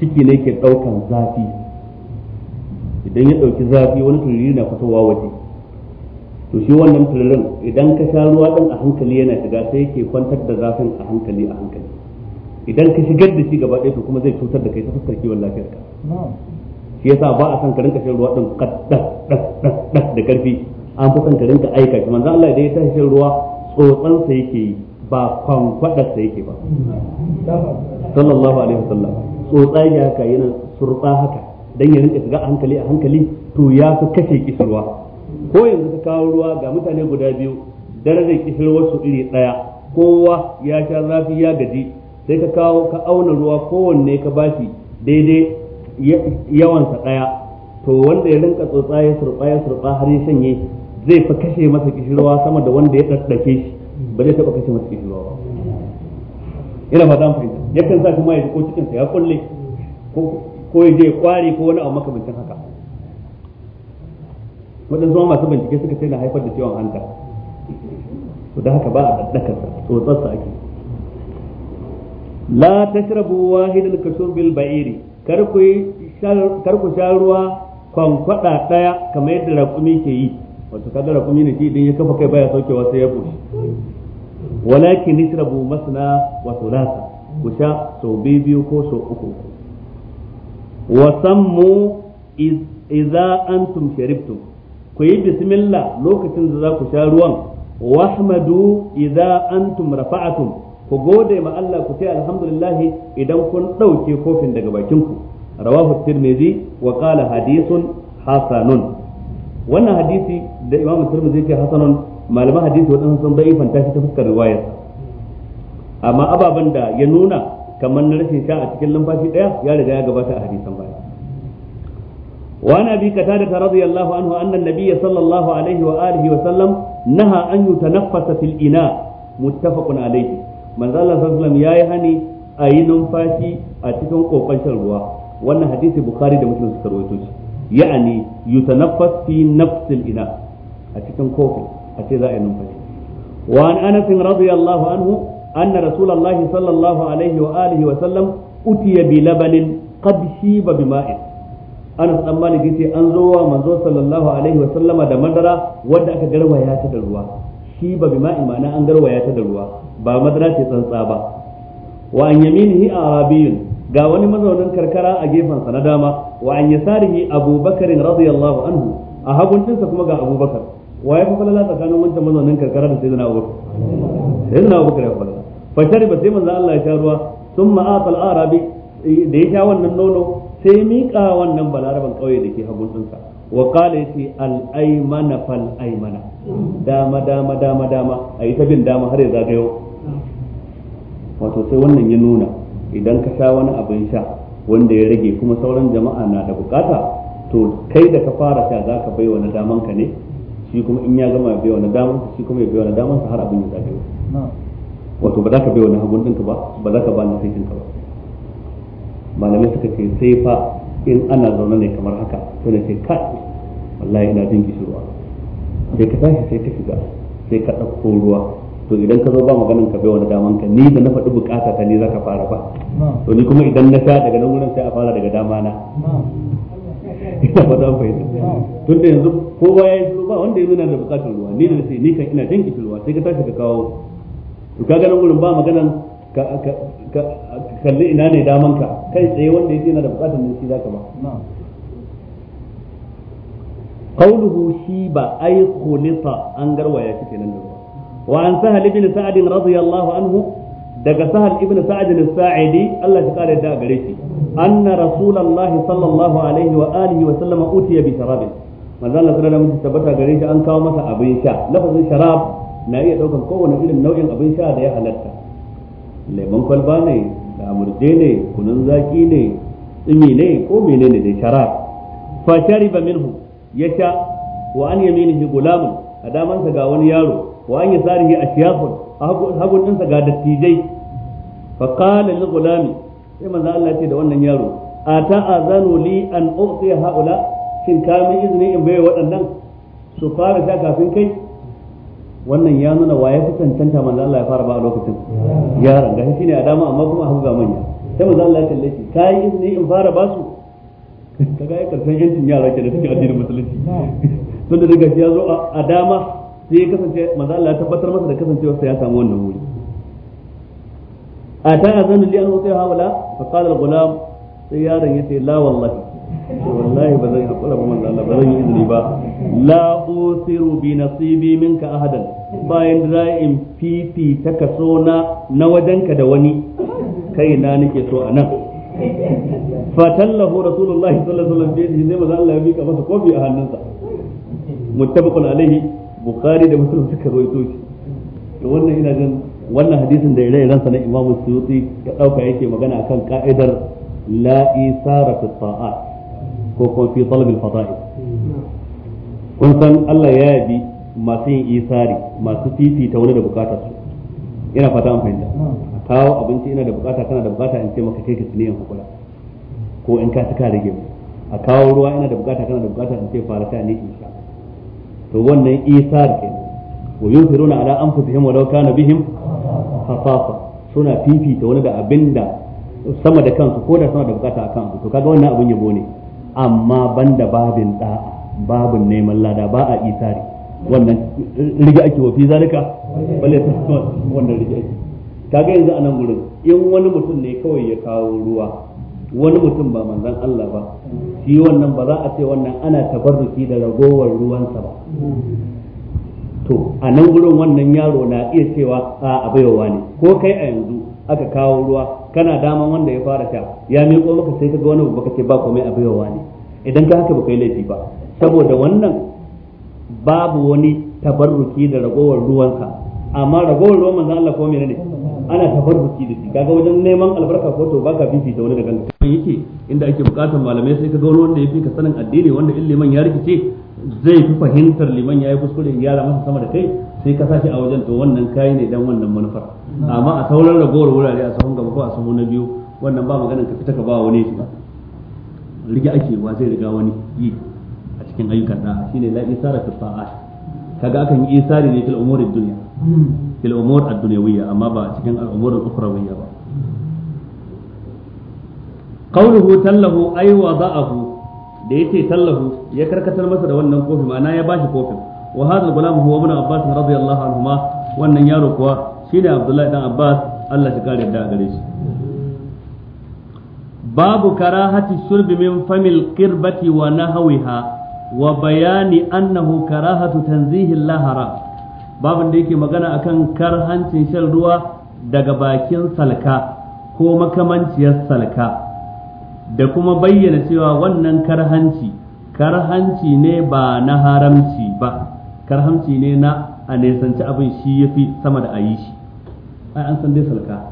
ciki ne ke ɗaukan zafi idan ya ɗauki zafi wani turiri na fitowa waje to shi wannan turirin idan ka sha ruwa ɗin a hankali yana shiga sai yake kwantar da zafin a hankali a hankali idan ka shigar da shi gaba ɗaya to kuma zai cutar da kai ta fuskar kiwon lafiyarka shi yasa ba a son ka rinka shan ruwa ɗin kaddas da ƙarfi an fi san ka rinka aika shi manzo Allah idan ya tashi shan ruwa tsotsan sa yake yi ba kwankwadar sa yake ba sallallahu alaihi wasallam tsotsai haka yana surba haka dan ya rinka shiga a hankali a hankali to ya fi kashe kishirwa ko yanzu ka kawo ruwa ga mutane guda biyu darajar kisirwar su iri daya kowa ya sha zafi ya gaji sai ka kawo ka auna ruwa kowanne ka bashi daidai yawansa daya to wanda ya rinka tsotsa ya surba ya surba har ya shanye zai fa kashe masa kishirwa sama da wanda ya daddake shi ba zai taba kashe masa kishirwa ba ina ba zan fahimta yakan sa kuma ya ko cikin sa ya kulle ko ko ya je ya kware ko wani abu makamancin haka zuwa masu bincike suka ce na haifar da ciwon hanta to da haka ba a daddaka sa tsotsar sa ake la tashrabu wahidan kashur bil ba'iri kar ku kar ku sha ruwa kwankwada daya kamar yadda raƙumi ke yi wato kaga raƙumi ne shi idan ya kafa kai baya saukewa sai ya bushe walakin nishrabu masna wa thulatha ku sha sau biyu ko sau uku wa sammu idza antum sharibtum ku yi bismillah lokacin da za ku sha ruwan wahmadu idza antum rafa'atum ku gode ma Allah ku ce alhamdulillah idan kun dauke kofin daga bakin ku rawahu tirmidhi wa qala hadithun hasanun wannan hadisi da imamu tirmidhi ci hasanun malaman hadisi wadansu sun bai fanta shi ta fuskar riwayar amma ababen da ya nuna kamar na rashin sha a cikin numfashi daya ya riga ya gabata a hadisan baya وعن ابي قتادة رضي الله عنه ان النبي صلى الله عليه واله وسلم نهى ان يتنفس في الاناء متفق عليه من ذا صلى الله عليه وسلم ياي هني اي نمفاشي a cikin kokon shan ruwa wannan hadisi bukhari da muslim suka rawaito shi ya'ani yutanaffas fi a cikin a za a yi numfashi wa an anas radiyallahu anhu anna rasulullahi sallallahu alaihi wa alihi wa sallam utiya bi labanin qad shiba bi ma'in anas dan malik yace an zo wa manzo sallallahu alaihi wa sallama da madara wanda aka garwaya ta da ruwa shiba bi ma'in ma'ana an garwaya ta da ruwa ba madara ce tsantsa ba wa an yaminihi arabiyun ga wani mazaunin karkara a gefen sa na dama wa an yasarihi abubakar radiyallahu anhu a haguncinsa kuma ga abubakar waye fa falala tsakanin wancan mazaunin karkara da nawo sai da nawo ya kwala fa shariba sai manzo Allah ya sha ruwa thumma atal arabi da ya sha wannan nono sai miƙa wannan balaraban kauye da ke hagun ɗinsa wa qala yace al aymana fal aymana dama dama dama dama ayi ta bin dama har ya zagayo wato sai wannan ya nuna idan ka sha wani abin sha wanda ya rage kuma sauran jama'a na da bukata to kai da ka fara sha zaka ka bai wani daman ka ne shi kuma in ya gama bai wani damar shi kuma ya bai wani damansa har abin ya zagaye wato ba za ka bai wani hagun ɗinka ba ba za ka ba na saitinka ba malamai suka ce sai fa in ana zaune ne kamar haka sai na sai ka wallahi ina jin kishirwa sai ka tashi sai ka shiga sai ka ɗauko ruwa to idan ka zo ba maganin ka bai wani daman ka ni da na faɗi bukata ta ne za ka fara ba to ni kuma idan na sha daga nan wurin sai a fara daga dama na ina ba za fahimta tun da yanzu kowa ya yi ba wanda yanzu na da bukatar ruwa ni da nace ni kan ina ruwa sai ka tashi ka kawo to ka ganin gurin ba maganan ka kalli ina ne daman ka kai tsaye wanda yake yana da bukatar ne shi zaka ba قوله شيبا أي خلط أنجر ويأتي وعن سهل بن سعد رضي الله عنه دق سهل ابن سعد الساعدي الله تعالى دا غريشي anna rasulullahi sallallahu alaihi wa alihi wa sallama utiya bi sharabin manzo Allah sallallahu alaihi tabbata gare shi an kawo masa abin sha lafazin sharab na iya daukan kowane irin nau'in abin sha da ya halarta. lemon kwalba ne da amurde ne kunun zaki ne tsimi ne ko menene dai sharab fa shariba minhu ya sha wa an yaminihi gulamun a damansa ga wani yaro wa an yasarihi ashiyafun a hagun dinsa ga dattijai fa qala lil gulami sai manzo Allah ce da wannan yaro ata azanu li an uqti haula kin ka mi izini in bai waɗannan su fara ta kafin kai wannan ya nuna waye ku tantanta manzo Allah ya fara ba a lokacin yaron gashi shi a dama amma kuma a ga manya sai manzo Allah ya tallace shi kai izini in fara ba su kaga ya karsan yancin yara ke da suke addinin musulunci da daga shi ya zo a dama sai ya kasance manzo Allah ya tabbatar masa da kasancewarsa ya samu wannan wuri ata azanu li an utiha wala fa qala gulam sai yaron ya ce la wallahi wallahi ba zan hakura ba manzo Allah ba zan yi izini ba la usiru bi nasibi minka ahadan bayan da in fiti ta kaso na na wajenka da wani kai na nake so anan fatallahu rasulullahi sallallahu alaihi wasallam bi sai manzo Allah ya bika masa kofi a hannunsa muttafaqun alaihi bukhari da muslim suka rawaito shi to wannan ina jin wannan hadisin da ire ransa na imamu suyuti ya dauka yake magana akan ka'idar la isara fi sa'a ko kuma fi talab al fada'il kun san Allah ya yabi masu yin isari masu titi ta wani da bukatar su ina fata an fahimta kawo abinci ina da bukata kana da bukata in ce maka kai ka ci niyan hakura ko in ka ci ka rage mu a kawo ruwa ina da bukata kana da bukata in ce fara ta ne in sha to wannan isar kenan wa yunfiruna ala anfusihim wa law kana bihim afafafa suna fifita wani da abin da sama da kansu ko da sama da bukata a kansu to kaga wannan abin yabo ne amma banda babin da babin neman lada ba a isari wannan rige ake wa fi zalika balle wannan rige ake kaga yanzu a nan gurin in wani mutum ne kawai ya kawo ruwa wani mutum ba manzan Allah ba shi wannan ba za a ce wannan ana tabarruki da ragowar ruwansa ba to a nan gurin wannan yaro na iya cewa a abaiwa ne ko kai a yanzu aka kawo ruwa kana dama wanda ya fara sha ya miƙo maka sai ka ga wani baka ce ba komai abaiwa ne idan ka haka baka yi laifi ba saboda wannan babu wani tabarruki da ragowar ruwansa amma ragowar ruwan manzon Allah ko menene ana tabarruki da shi kaga wajen neman albarka ko to baka fifi da wani daga yake inda ake bukatar malamai sai ka wani wanda ya fi ka sanin addini wanda illiman ya rikice zai fi fahimtar liman ya yi kuskure gyara masa sama da kai sai ka sashi a wajen to wannan kayi ne dan wannan manufar amma a sauran ragowar wurare a sahun gaba ko a sahun na biyu wannan ba maganar ka fita ka ba wani shi ba rige ake wa zai riga wani yi a cikin ayyukan da shine la isara fi sa'at kaga akan yi isari ne fil umuri dunya fil umur ad-dunyawiyya amma ba cikin al-umur al-ukhrawiyya ba qawluhu tallahu ay wada'ahu da ya ce tallahu ya karkatar masa da wannan kofi ma'ana ya bashi kofin wa hadha gulam huwa ibn abbas radiyallahu anhuma wannan yaro kuwa shine abdullahi dan abbas Allah shi kare da gare shi babu karahati shurbi min famil qirbati wa nahwiha wa bayani annahu karahatu tanzihin lahara babin da yake magana akan karhancin shan ruwa daga bakin salka ko makamanciyar salka da kuma bayyana cewa wannan karhanci karhanci ne ba na haramci ba karhanci ne na a nesanci abin shi ya fi sama da a yi shi ai an san dai salka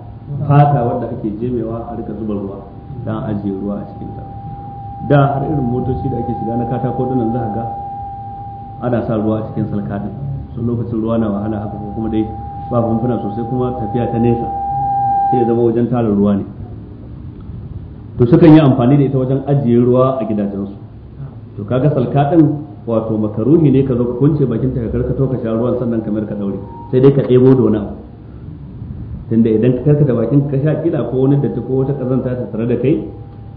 fata wadda ake jemewa a rika zuba ruwa don ajiye ruwa a ta da har irin motoci da ake shiga na katako dinan za ga ana sa ruwa a cikin salka din sun lokacin ruwa na wahala haka kuma dai ba famfuna sosai kuma tafiya ta nesa sai ya zama wajen tara ruwa ne to sukan yi amfani da ita wajen ajiye ruwa a gidajensu to kaga salka din wato makaruhi ne ka zo ka kunce bakin ta ka karkato ka sha ruwan sannan kamar ka daure sai dai ka ɗebo dona tunda idan ka karkata bakin ka sha kila ko wani datti ko wata kazanta ta tare da kai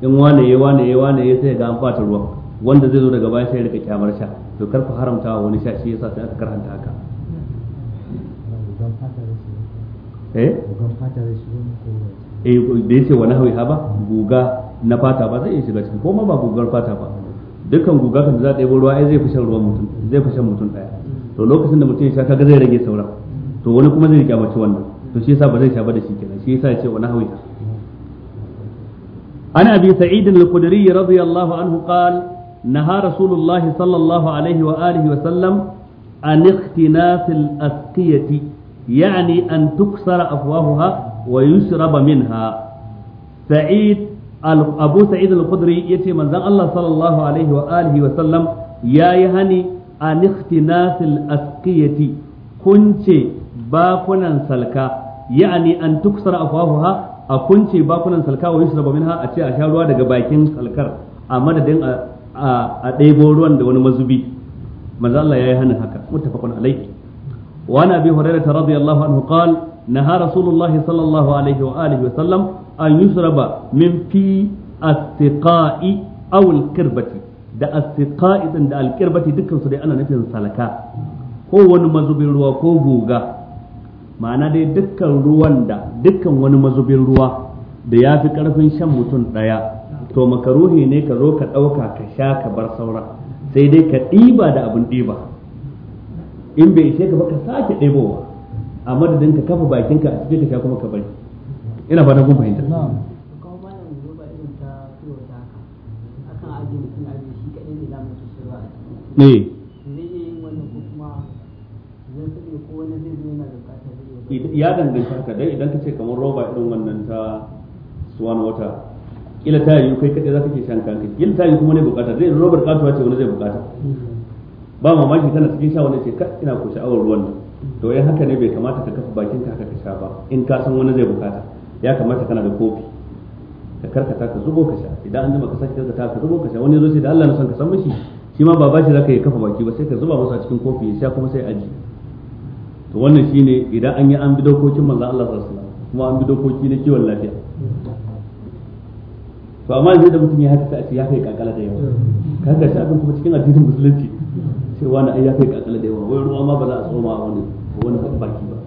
in wane ya wane ya wane ya sai ga an fata ruwa wanda zai zo daga baya sai rika kyamar sha to kar ku haramta wa wani sha shi yasa sai aka karanta haka eh eh da yace wa nahwi ba guga na fata ba zai iya shiga ciki ko ma ba gugar fata ba dukkan guga kan za ta ruwa ai zai fi ruwan mutum zai mutum to lokacin da mutum ya sha kaga zai rage sauran to wani kuma zai kyamaci wannan to shi yasa ba zai sha ba da shi kenan shi yasa ya ce wa nahwi عن ابي سعيد الخدري رضي الله عنه قال نهى رسول الله صلى الله عليه واله وسلم عن اختناف الاسقيه يعني ان تكسر افواهها wa yushraba minha sa'id abu sa'id al-khudri yace manzon Allah sallallahu alaihi wa alihi wa sallam yayi hani an ikhtinasil asqiyati kunce bakunan salka ya'ani an tuksara afwahuha a kunce bakunan salka wa yushraba minha a ce a sha ruwa daga bakin salkar a madadin a ɗebo ruwan da wani mazubi manzo Allah yayi hana haka نهى رسول الله صلى الله عليه وآله وسلم أن يشرب من في السقاء أو الكربة da astiqa'i din da alkirbati dukkan su dai ana nufin salaka ko wani mazubin ruwa ko guga ma'ana dai dukkan ruwan da dukkan wani mazubin ruwa da ya fi karfin shan mutum daya to makaruhi ne ka zo ka ɗauka ka sha ka bar saura sai dai ka ɗiba da abin ɗiba in bai ishe ka ba ka sake ɗebowa a madadin ka kafa bakinka a cikin ka sha kuma ka bari ina fatan kun fahimta ne ya danganta ka dai idan ka ce kamar roba irin wannan ta swan wata kila ta yi kai kadai zaka ke shan kanka kila ta yi kuma ne bukata zai robar katuwa ce wani zai bukata mm-hmm. ba mamaki tana cikin sha wani ce ina ko sha'awar ruwan nan to ya haka ne bai kamata ka kafa bakin ka haka ka sha ba in ka san wani zai bukata ya kamata kana da kofi ka karkata ka zubo ka sha idan an jima ka sake karkata ka zubo ka sha wani zo sai da Allah na son ka san mishi shi ma ba bashi zaka yi kafa baki ba sai ka zuba masa cikin kofi ya sha kuma sai aji to wannan shine idan an yi an bi dokokin manzon Allah sallallahu alaihi wasallam kuma an bi dokoki na kiwon lafiya to amma zai da mutum ya haka sai a ce ya kai kankala da yawa kaga shi abin kuma cikin addinin musulunci sai wani ai ya kai kakala da yawa wai ruwa ma ba za a tsoma wani wani baki ba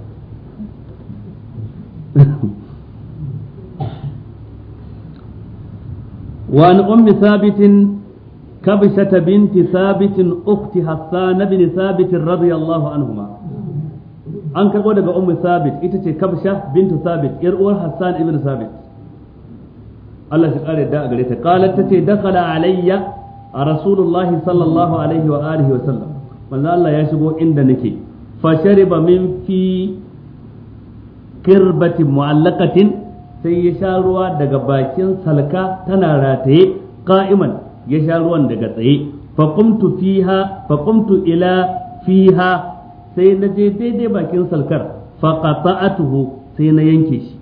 وعن أم ثابت كبشة بنت ثابت أخت حسان بن ثابت رضي الله عنهما an karɓo daga ummu sabit ita ce kabsha bintu sabit yar uwar hassan ibn sabit Allah shi kare da gare ta qalat dakhala alayya a rasulullahi sallallahu alaihi wa alihi wa sallam manzo Allah ya shigo inda nake fa shariba min fi kirbatin mu'allaqatin sai ya sha ruwa daga bakin salka tana rataye qa'iman ya sha ruwan daga tsaye fa qumtu fiha fa qumtu ila fiha sai na je daidai bakin salkar fa qata'atuhu sai na yanke shi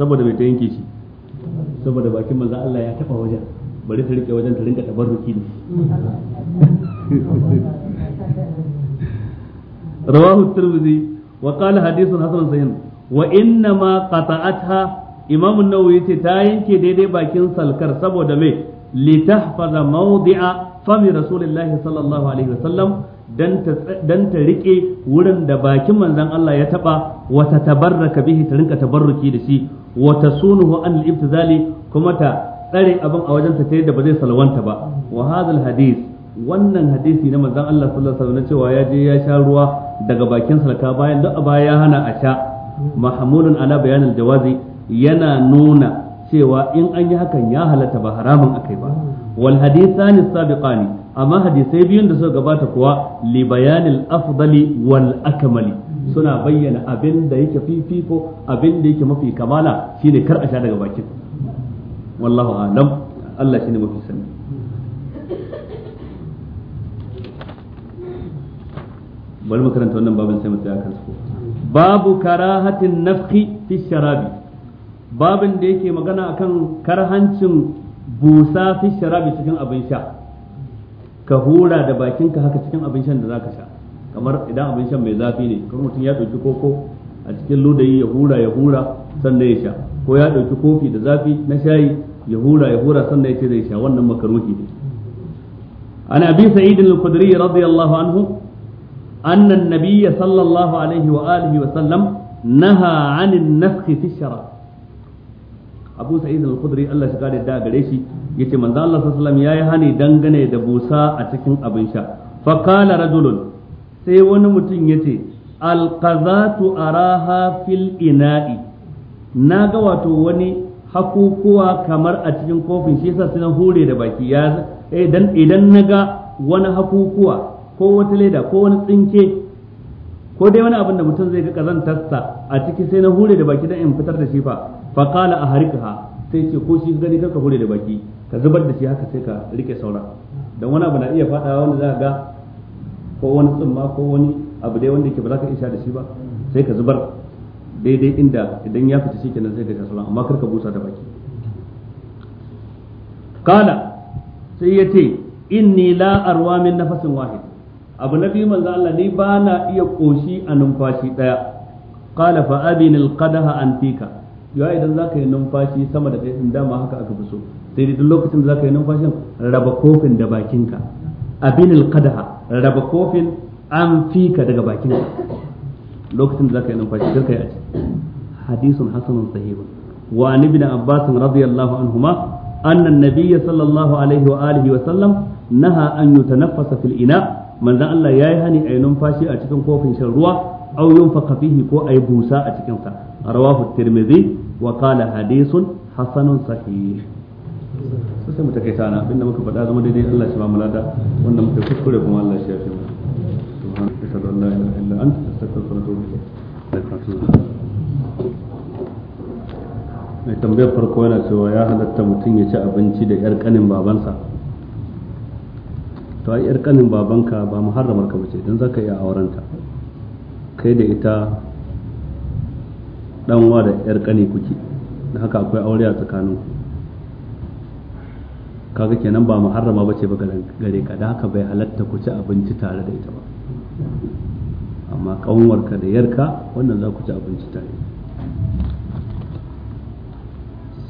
saboda bai ta yanke shi saboda bakin manzo Allah ya taba wajen bari ta rike wajen ta rinka tabarruki ne rawahu tirmidhi wa qala hadithun hasan sahih wa inna ma qata'atha imam an-nawawi yace ta yanke daidai bakin salkar saboda me litahfaza mawdi'a fami rasulillahi sallallahu alaihi wasallam dan ta rike wurin da bakin manzon Allah ya taba wata tabarraka bihi ta rinka tabarruki da shi wata sunuhu an al-ibtizali kuma ta tsare abin a wajen ta da ba zai salwanta ba wa hadal hadis wannan hadisi na manzon Allah sallallahu alaihi wasallam cewa ya je ya sha ruwa daga bakin salka bayan duk a baya ya hana a sha mahmulun ala bayanil jawazi yana nuna cewa in an yi hakan ya halatta ba haramun akai ba wal hadithani sabiqani amma hadisai biyun da suka gabata kuwa li bayanil afdali wal akmali suna bayyana abin da yake fifiko abin da yake mafi kamala shine kar a sha daga bakin wallahu alam Allah ne mafi sani bari mu karanta wannan babin sai mu tsaya kan su babu karahatin nafki fi sharabi babin da yake magana akan karhancin busa fi sharabi cikin abin sha ka hura da bakinka haka cikin abin shan da zaka sha kamar idan abin shan mai zafi ne kuma mutum ya ɗauki koko a cikin ludayi ya hura ya hura sannan ya sha ko ya ɗauki kofi da zafi na shayi ya hura ya hura sannan ya ce zai sha wannan makaruhi ne an abi sa'id al-khudri radiyallahu anhu anna an-nabiy sallallahu alaihi wa alihi wa sallam naha 'an an-nafkh fi shara abu sa'id al-khudri Allah shi kare da gare shi yace manzo Allah sallallahu alaihi yayi hani dangane da busa a cikin abin sha fa qala rajulun sai wani mutum yace al-qazatu araha fil ina'i na ga wato wani hakukuwa kamar a cikin kofin shi yasa na hure da baki ya idan eh, idan na ga wani hakukuwa ko wata leda ko wani tsinke ko dai wani abin da mutum zai ga kazantarsa a ciki sai na hure da baki dan in fitar da shi fa fa qala ahrikha sai ce ko shi gani kanka hure da baki ka zubar da shi haka sai ka rike saura dan wani abu na iya fadawa wanda za ga ko wani tsumma ko wani abu dai wanda ke ba za ka isha da shi ba sai ka zubar daidai inda idan ya fita shi kenan sai ka sha amma kar ka busa da baki kala sai ya ce inni la arwa min nafasin wahid abu na biyu manzo Allah ni ba na iya koshi a numfashi daya kala fa abin qadaha antika ya idan zaka yi numfashi sama da ɗaya dama haka aka fi sai dai duk lokacin da zaka yi numfashin raba kofin da bakinka abin qadaha raba kofin an fika daga bakinka lokacin da zaka yi numfashi karka kai a ciki hadisun hasanun sahihun wa an ibn abbas radiyallahu anhuma anna an-nabiy sallallahu alaihi wa alihi wa sallam naha an yutanaffasa fil ina manzon Allah yayi hani ayi numfashi a cikin kofin shan ruwa aw yunfaqa fihi ko ayi busa a cikin sa rawahu tirmidhi wa qala hadisun hasanun sahih sai mu take sana abinda muka faɗa zama daidai Allah shi ba mu lada wanda muka kuskure kuma Allah shi ya fi mu mai tambayar farko yana cewa ya halatta mutum ya ci abinci da yar kanin babansa to ai yar kanin babanka ba muharramar ka bace don zaka iya aurenta kai da ita wa da yar kani kuke da haka akwai aure a tsakanin kaga kenan ba muharrama bace ba gare ka da haka bai halatta ku ci abinci tare da ita ba amma kanwarka da yarka wannan za ku ci abinci tare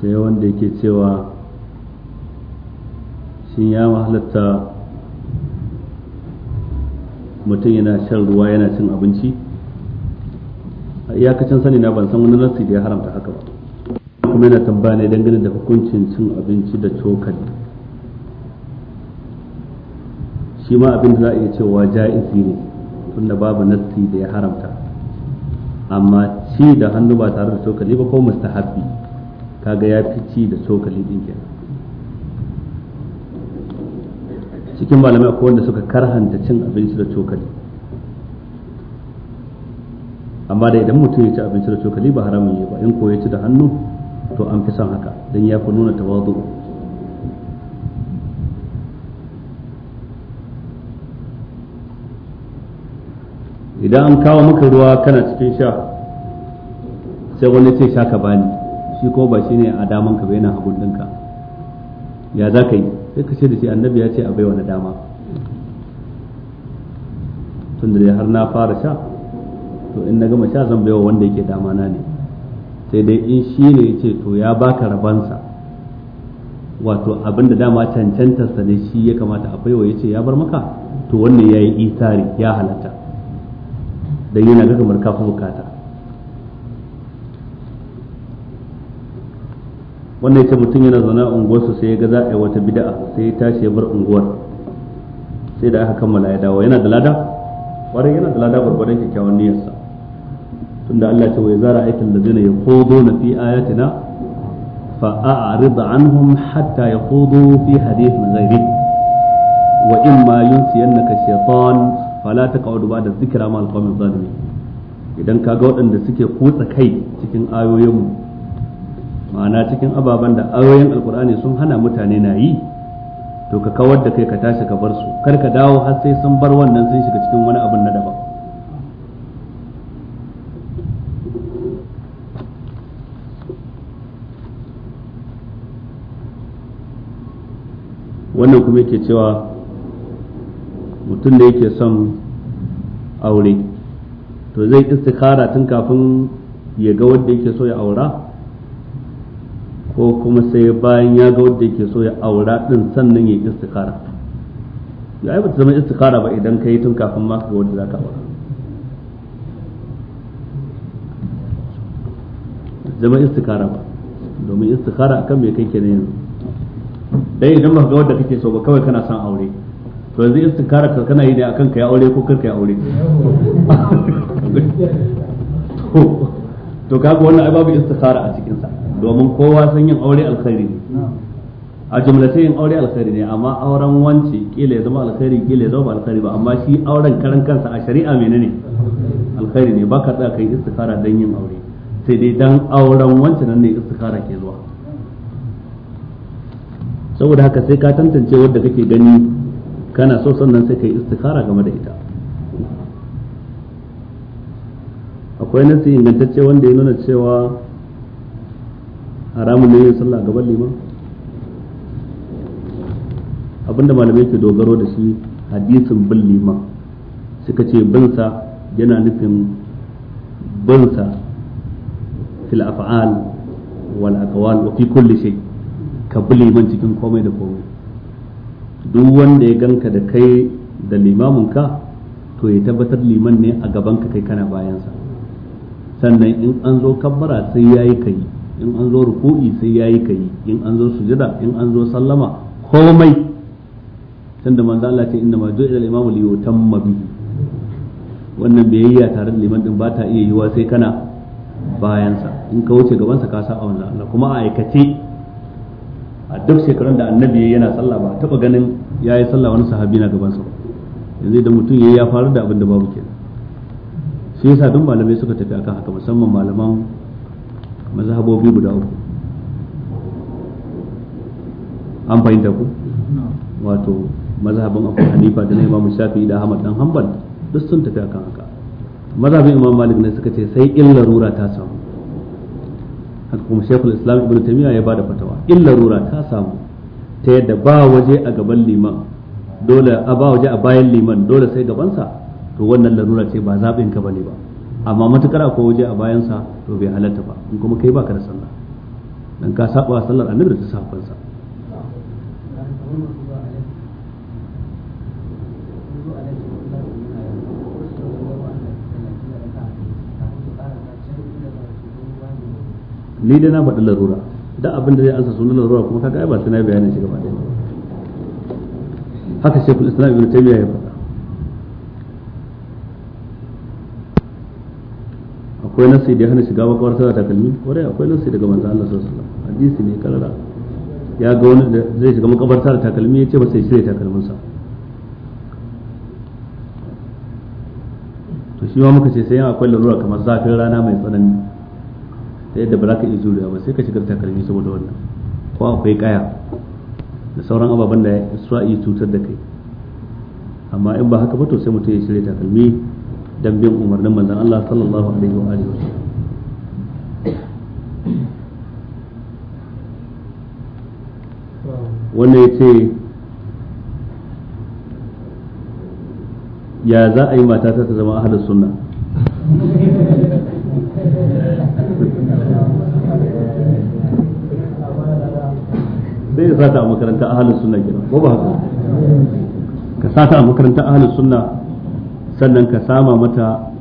sai wanda yake cewa shin ya mahalatta mutum yana shan ruwa yana cin abinci a iyakacin sani na ban san wani nasi da ya haramta haka ba kuma yana tambaya ne dangane da hukuncin cin abinci da cokali shi ma abin da za a iya cewa ja'izi ne tunda babu nassi da ya haramta amma ci da hannu ba tare da cokali ba ko mustahabbi kaga ya fi ci da cokali din ke cikin malamai akwai wanda suka karhanta cin abinci da cokali amma da idan mutum ya ci abinci da cokali ba haramun yi ba in ko ya ci da hannu to an fi son haka don ya fi nuna tawazu idan an kawo maka ruwa kana cikin sha sai wani ce sha ka bani shi kuma ba shi ne a daman ka ba yana hagun ɗinka ya za ka yi sai ka ce da shi annabi ya ce a baiwa na dama tun da har na fara sha to in na gama sha zan baiwa wanda yake dama na ne sai dai in shi ne ya ce to ya baka rabansa wato abin da dama cancantarsa ne shi ya kamata a baiwa ya ce ya bar maka to wannan ya yi itari ya halatta da yana ga kamar kafa bukata wannan ya ce mutum yana zaune a unguwarsa sai ya ga a yi wata bida'a sai ya tashi ya bar unguwar sai da aka kammala ya dawo yana da lada kwarai yana da lada gwargwadon kyakkyawan niyyarsa tunda Allah ce wai ya zara aikin da zina ya kodo na fi ayatina fa a'rid hun hatta ya kodo fi hadith na ghairi wa imma yunsiyannaka shaytan fala taqaudu ba da zikira ma alƙawamin zalimi idan ka ga waɗanda suke kutsa kai cikin ayoyinmu ma'ana cikin ababen da ayoyin alƙur'ani sun hana mutane na yi to ka kawar da kai ka tashi ka bar su kar ka dawo har sai sun bar wannan sun shiga cikin wani abin na daban wannan kuma yake cewa mutum da yake son aure to zai istikhara tun kafin ya ga wanda yake so ya aura ko kuma sai bayan ya ga wanda yake so ya aura din sannan ya istikhara ya ai bata zama istikhara ba idan ka yi tun kafin ma ga wanda zaka aura zama istikhara ba domin istikhara akan me kai kenan yanzu dai idan ba ga wanda kake so ba kawai kana son aure to yanzu istikara ka kana yi ne akan ka ya aure ko kar ka ya aure to kaga wannan ai babu istikara a cikin sa domin kowa san yin aure alkhairi ne a jumlace yin aure alkhairi ne amma auren wance kila ya zama alkhairi kila ya zama ba alkhairi ba amma shi auren karan kansa a shari'a menene alkhairi ne baka tsaya kai istikara dan yin aure sai dai dan auren wance nan ne istikara ke zuwa saboda haka sai ka tantance wanda kake gani kana so sannan sai kai istikara game da ita akwai nasi ingantacce wanda ya nuna cewa haramun ne yin sallah gaban liman abinda malamai ke dogaro da shi hadisin bin liman suka ce binsa yana nufin bansa fil af'al wal aqwal wa fi kulli shay ka bi liman cikin komai da komai duk wanda ya ganka da kai da limamunka to ya tabbatar liman ne a gaban ka kai kana bayansa sannan in an zo kabbara sai yayi kai in an zo ruku'i sai yayi kai in an zo sujada in an zo sallama komai tunda manzo Allah ce inna ma ju'ila al-imamu li yutamma bihi wannan biyayya tare da liman din ba ta iya yiwa sai kana bayansa in ka wuce gabansa ka sa a wannan Allah kuma a aikace a duk shekarun da annabi yana sallah ba taba ganin ya yi sallah wani sahabi na gabansa ba yanzu idan mutum ya ya faru da abin da babu kenan shi yasa duk malamai suka tafi akan haka musamman malaman mazhabobi guda uku an fahimta ku wato mazhabin abu hanifa da na imam shafi da ahmad dan hanbal duk sun tafi akan haka mazhabin imam malik ne suka ce sai illa rura ta samu haka kuma shekul islam ibn tamiya ya bada fatawa in larura ta samu ta yadda ba waje a gaban liman dole a ba waje a bayan liman dole sai gabansa to wannan larura ce ba zaɓin ka bane ba amma matukar akwai waje a bayansa to bai halatta ba in kuma kai baka da sallah dan ka saba sallar annabi da safansa ni dai na faɗi larura da abin da zai ansa sunan larura kuma kaga ai ba sai na bayanin shi gaba ɗaya haka shekul islam ibn taymiya ya faɗa akwai nasi da hana shiga makawar tana takalmi kwarai akwai nasi daga manzan Allah sallallahu alaihi wasallam hadisi ne kalara ya ga wani da zai shiga makabarta da takalmi ya ce ba sai shirya takalminsa to shi ma muka ce sai akwai larura kamar zafin rana mai tsanani ta yadda ba za ka iya juriya ba sai ka shigar takalmi saboda wannan ko akwai kaya da sauran ababen da su a yi cutar da kai amma in ba haka ba to sai mutum ya shirya takalmi dan bin umarnin manzon Allah sallallahu alaihi wa alihi wannan ya ce ya za a yi matata ta zama hada sunna sai ya sata a makaranta ahalin sunna kenan ko ba haka ka sata a makaranta ahalin sunna sannan ka sama mata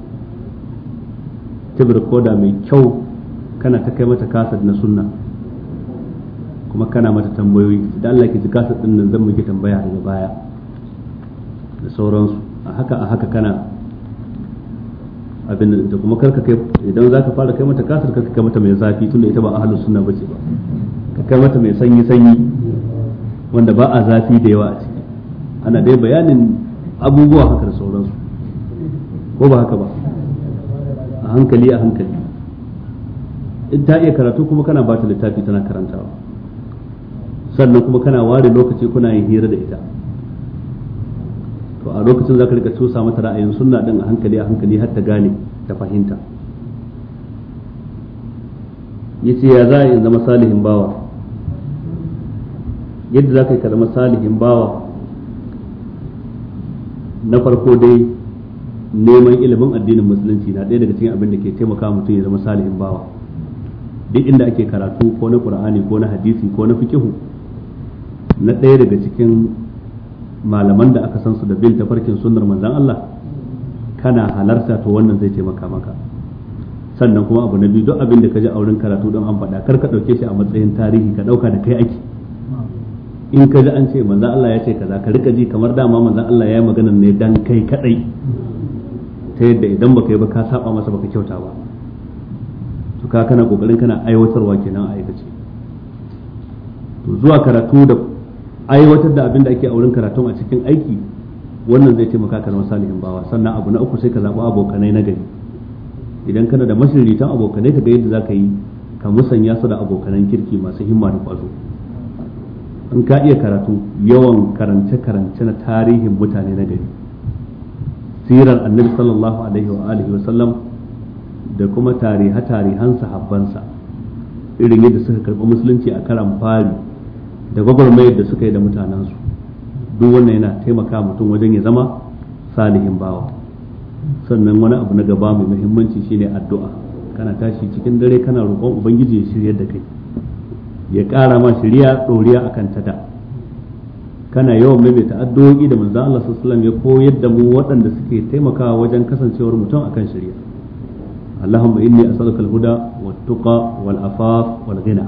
tibir koda mai kyau kana ta kai mata kasar na sunna kuma kana mata tambayoyi da Allah ke ji kasar din nan zan muke tambaya daga baya da sauransu a haka a haka kana abin da kuma karka kai idan zaka fara kai mata kasar karka kai mata mai zafi tunda ita ba suna sunna bace ba ka kai mata mai sanyi sanyi wanda ba a zafi da yawa a ciki ana dai bayanin abubuwa haka da sauransu ko ba haka ba a hankali a hankali in ta iya karatu kuma kana ba ta littafi tana karantawa sannan kuma kana ware lokaci kuna yin hira da ita to a lokacin za ka rika cusa mata ra'ayin sunna din a hankali a hankali har ta gane ta fahimta yace ya za in zama salihin bawa yadda za ka yi kalmar salihin bawa na farko dai neman ilimin addinin musulunci na ɗaya daga cikin abin da ke taimaka mutum ya zama salihin bawa duk inda ake karatu ko na qur'ani ko na hadisi ko na fikihu na ɗaya daga cikin malaman da aka san su da bin tafarkin sunnar manzon Allah kana halarta to wannan zai taimaka maka sannan kuma abu na biyu duk abin da ka ji a wurin karatu don an faɗa kar ka ɗauke shi a matsayin tarihi ka ɗauka da kai ake in ka ji an ce manzan Allah ya ce kaza ka rika ji kamar dama manzan Allah ya yi magana ne dan kai kadai ta yadda idan baka yi ba ka saba masa baka kyauta ba to ka kana kokarin kana aiwatarwa kenan a aikace to zuwa karatu da aiwatar da abin da ake a wurin karatu a cikin aiki wannan zai taimaka ka zama salihin bawa sannan abu na uku sai ka zaɓi abokanai na gari idan kana da mashiriritan abokanai ka ga yadda za ka yi ka musanya su da abokanan kirki masu himma da kwazo in ka iya karatu yawan karance-karance na tarihin mutane na gari sirar annabi sallallahu alaihi wa alihi wa sallam da kuma tariha-tarihan sahabbansa irin yadda suka karɓi musulunci a karan fari da gwagwarmayar da suka yi da mutanensu duk wannan yana taimaka mutum wajen ya zama salihin bawa sannan wani abu na gaba mai muhimmanci shine addu'a kana tashi cikin dare kana roƙon ubangiji ya shiryar da kai ya ƙara ma shari'a ɗoriya a kan tada. kana yawan maimaita addu'o'i da manzan Allah sallallahu ya koyar da mu waɗanda suke taimakawa wajen kasancewar mutum akan shari'a Allahumma inni as'aluka al-huda wa tuqa wal-afaf wal-ghina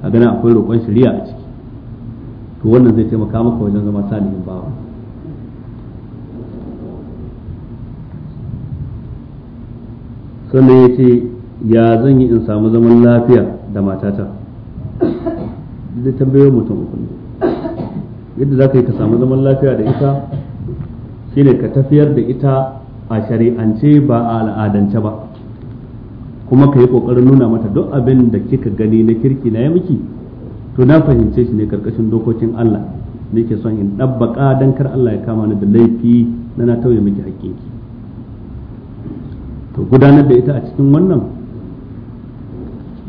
kaga na akwai roƙon shari'a a ciki to wannan zai taimaka maka wajen zama salihin bawa sannan ya ce ya zan yi in samu zaman lafiya da matata dai tambayoyin mutum uku ne yadda za ka yi ka samu zaman lafiya da ita shine ka tafiyar da ita a shari'ance ba a al'adance ba kuma ka yi kokarin nuna mata duk abin da kika gani na kirki na ya miki to na fahimce shi ne karkashin dokokin Allah ne ke son in ɗabbaka don kar Allah ya kama ni da laifi na na tauye miki hakkinki to gudanar da ita a cikin wannan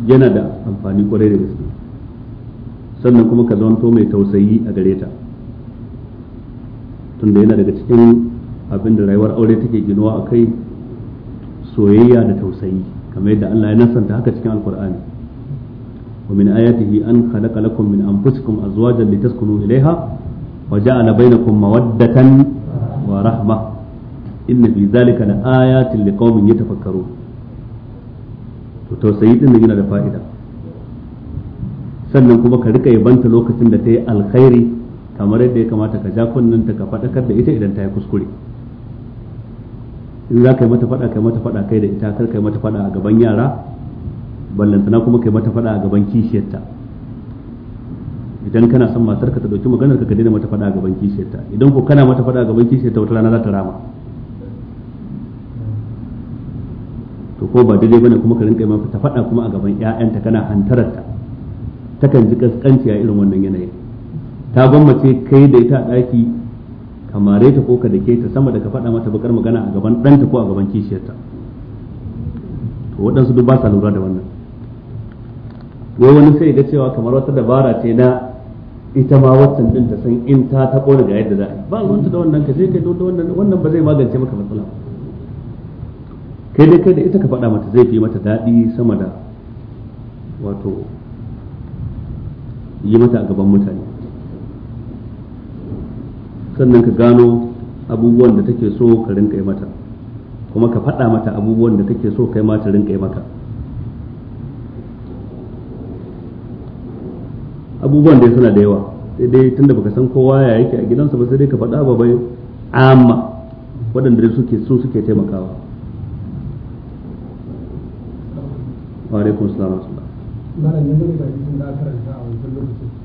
yana da amfani kwarai da gaske sannan kuma ka zanto mai tausayi a gare ta tunda yana daga cikin abinda rayuwar aure take ginuwa a kai soyayya da tausayi kamar yadda Allah ya nasanta haka cikin alkur'ani wa min ayatihi an khalaqa lakum min anfusikum azwajan litaskunu ilaiha wa ja'ala bainakum mawaddatan wa rahma inna fi zalika la ayatin liqaumin yatafakkarun to tausayi din yana da fa'ida sannan kuma ka rika yabanta lokacin da ta yi alkhairi kamar yadda ya kamata ka ja kunnen ta ka faɗakar da ita idan ta yi kuskure in za ka yi mata faɗa kai mata faɗa kai da ita kar kai mata faɗa a gaban yara ballantana kuma kai mata faɗa a gaban kishiyarta idan kana son matar ka ta dauki maganar ka ka daina mata faɗa a gaban kishiyarta idan ko kana mata faɗa a gaban kishiyarta wata rana za ta rama to ko ba daidai bane kuma ka rinka yi mata faɗa kuma a gaban ƴaƴanta kana hantararta takan ji kaskanci a irin wannan yanayin ta gwammace kai da ita a ɗaki kamare ta ko ka dake ta sama da ka faɗa mata bakar magana a gaban ɗanta ko a gaban kishiyarta to waɗansu duk ba sa lura da wannan wai wani sai ga cewa kamar wata dabara ce na ita ma watan din ta san in ta ta kona ga yadda za a yi ba ruwanta da wannan ka je kai da wannan wannan ba zai magance maka matsala kai dai kai da ita ka faɗa mata zai fi mata daɗi sama da wato yi mata a gaban mutane sannan ka gano abubuwan da take so ka rinka yi mata kuma ka faɗa mata abubuwan da take so kai ma ta rinka yi maka abubuwan da suna da yawa sai dai tunda baka san kowa ya yake a gidansa ba sai dai ka faɗa ba bai amma waɗanda dai suke su suke taimakawa wa alaikum salam wa rahmatullahi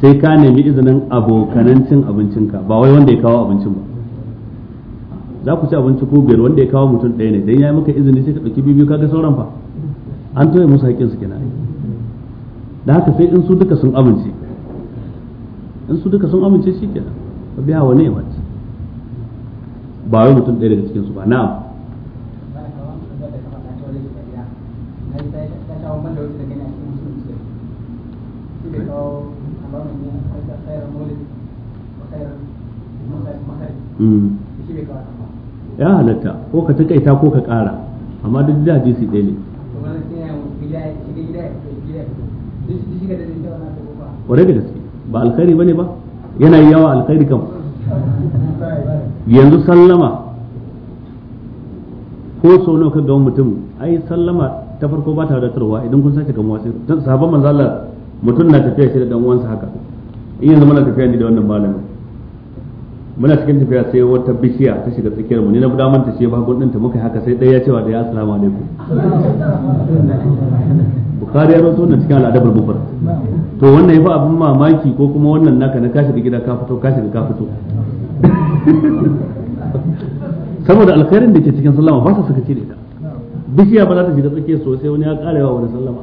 sai ka nemi izinin abokanan cin abincinka ba wai wanda ya kawo abincin ba za ku ci abinci ko biyar wanda ya kawo mutum ɗaya ne dan ya maka izini sai ka ɗauki bibiyu kaga sauran fa an toye musu haƙƙin su kenan da haka sai in su duka sun amince in su duka sun amince shi kenan ba biya wani ya mace ba wai mutum ɗaya daga cikin su ba na'am ya halatta ko ka takaita ko ka kara amma duk da hadisi ɗaya ne ƙwarai da gaske ba alkhairi ne ba yana yawa alkhairi kan yanzu sallama ko sau nawa ka ga mutum ai sallama ta farko ba ta wadatarwa idan kun sake gamuwa sai sahabban manzo Allah mutum na tafiya shi da dan uwansa haka in yanzu muna tafiya ni da wannan malamin muna cikin tafiya sai wata bishiya ta shiga tsakiyar mu ni na guda manta ce ba gudun ta muka haka sai dai ya cewa da ya assalamu alaikum bukhari ya rawaito wannan cikin al'adabar bukhar to wannan ya fa abin mamaki ko kuma wannan naka na kashi da gida ka fito kashi da ka fito saboda alkhairin da ke cikin sallama ba sa ce da ita bishiya ba za ta shiga tsakiyar sosai wani ya karewa wani sallama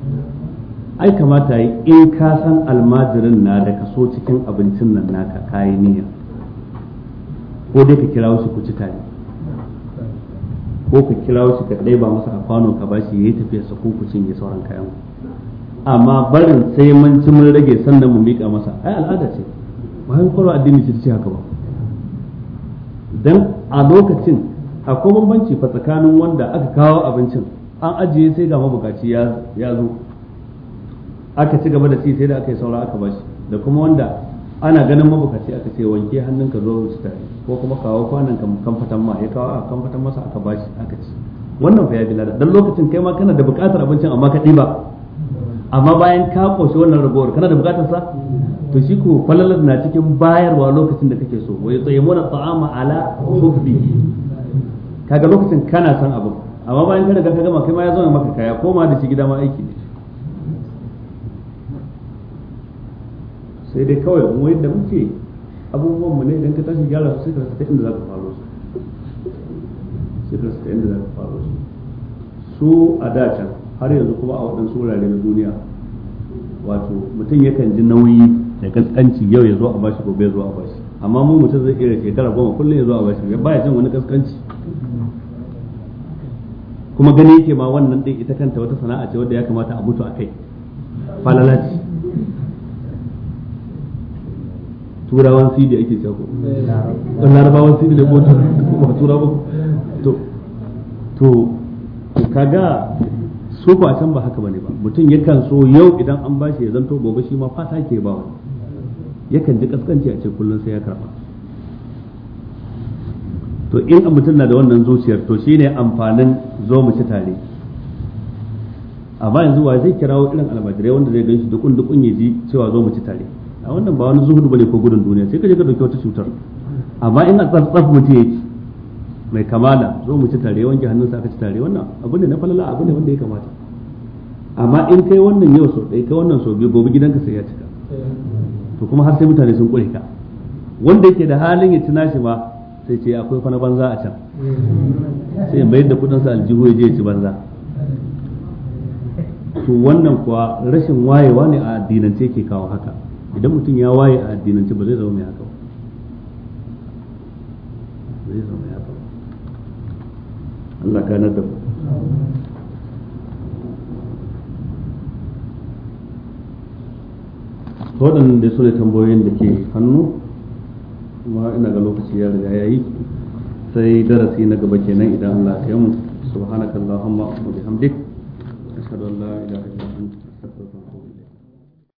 ai kamata yi in ka san almajirin na da kaso cikin abincin nan naka kayi niyya ko dai ka kira wasu ku ci tare ko ka kira wasu ka ɗaiba masa a kwano ka bashi yayi tafiya sa ko ku cinye sauran kayan amma barin sai mun ci mun rage sannan mu miƙa masa ai al'ada ce ba wai koro addini ce haka ba dan a lokacin akwai bambanci fa tsakanin wanda aka kawo abincin an ajiye sai ga mabukaci ya zo aka ci gaba da ci sai da aka yi saura aka bashi da kuma wanda ana ganin mabukaci aka ce wanke hannunka zo wuce tare ko kuma kawo kwanan kamfatan ma ya kawo a kamfatan masa aka bashi aka ci wannan fa ya bi ladan dan lokacin kai ma kana da buƙatar abincin amma ka ɗiba amma bayan ka koshi wannan ragowar kana da buƙatar sa to shi ko falalar na cikin bayarwa lokacin da kake so wai tsayyamuna ta'ama ala hubbi kaga lokacin kana son abin amma bayan ka riga ka gama kai ma ya zama maka kaya koma da shi gida ma aiki ne sai dai kawai mu yadda muke abubuwan mu ne idan ka tashi gyara su sai ka ta inda za ka faro su sai ka ta inda za ka faro su su a dacan har yanzu kuma a waɗansu wurare na duniya wato mutum yakan ji nauyi da kaskanci yau ya zo a bashi gobe ya zo a bashi amma mu mutum zai iya shekara goma kullum ya zo a bashi baya jin wani kaskanci kuma gani yake ma wannan ɗin ita kanta wata sana'a ce wadda ya kamata a mutu a kai falalaci turawan cd ake cewa ko eh. larabawan cd ne ko ba turawa to to kaga so ba can ba haka bane ba mutum yakan so yau idan an bashi ya zanto gobe shi ma fata ke ba wani yakan ji kaskanci a ce kullum sai ya karba to in mutum na da wannan zuciyar to shine amfanin zo mu ci tare ba yanzu wa zai kirawo irin almajirai wanda zai ganshi dukun dukun ya ji cewa zo mu ci tare a wannan ba wani zuhudu bane ko gudun duniya sai kaje ka dauki wata cutar amma in a tsaf mutum yake mai kamala zo mu ci tare wanke sa aka ci tare wannan abu ne na falala abu ne wanda ya kamata amma in kai wannan yau sau ɗaya kai wannan sau biyu gobe gidanka sai ya cika to kuma har sai mutane sun kure ka wanda yake da halin ya ci nashi ma sai ce akwai kwana banza a can sai mayar da sa aljihu ya je ya ci banza to wannan kuwa rashin wayewa ne a addinance ke kawo haka idan mutum ya waye a addinance ba zai zama mai haka ba zai zama mai haka Allah ka da ba waɗannan da su ne tambayoyin da ke hannu kuma ina ga lokaci ya riga ya yi sai darasi na gaba kenan idan Allah ya yi mu subhanakallahumma wa bihamdik ashhadu an la ilaha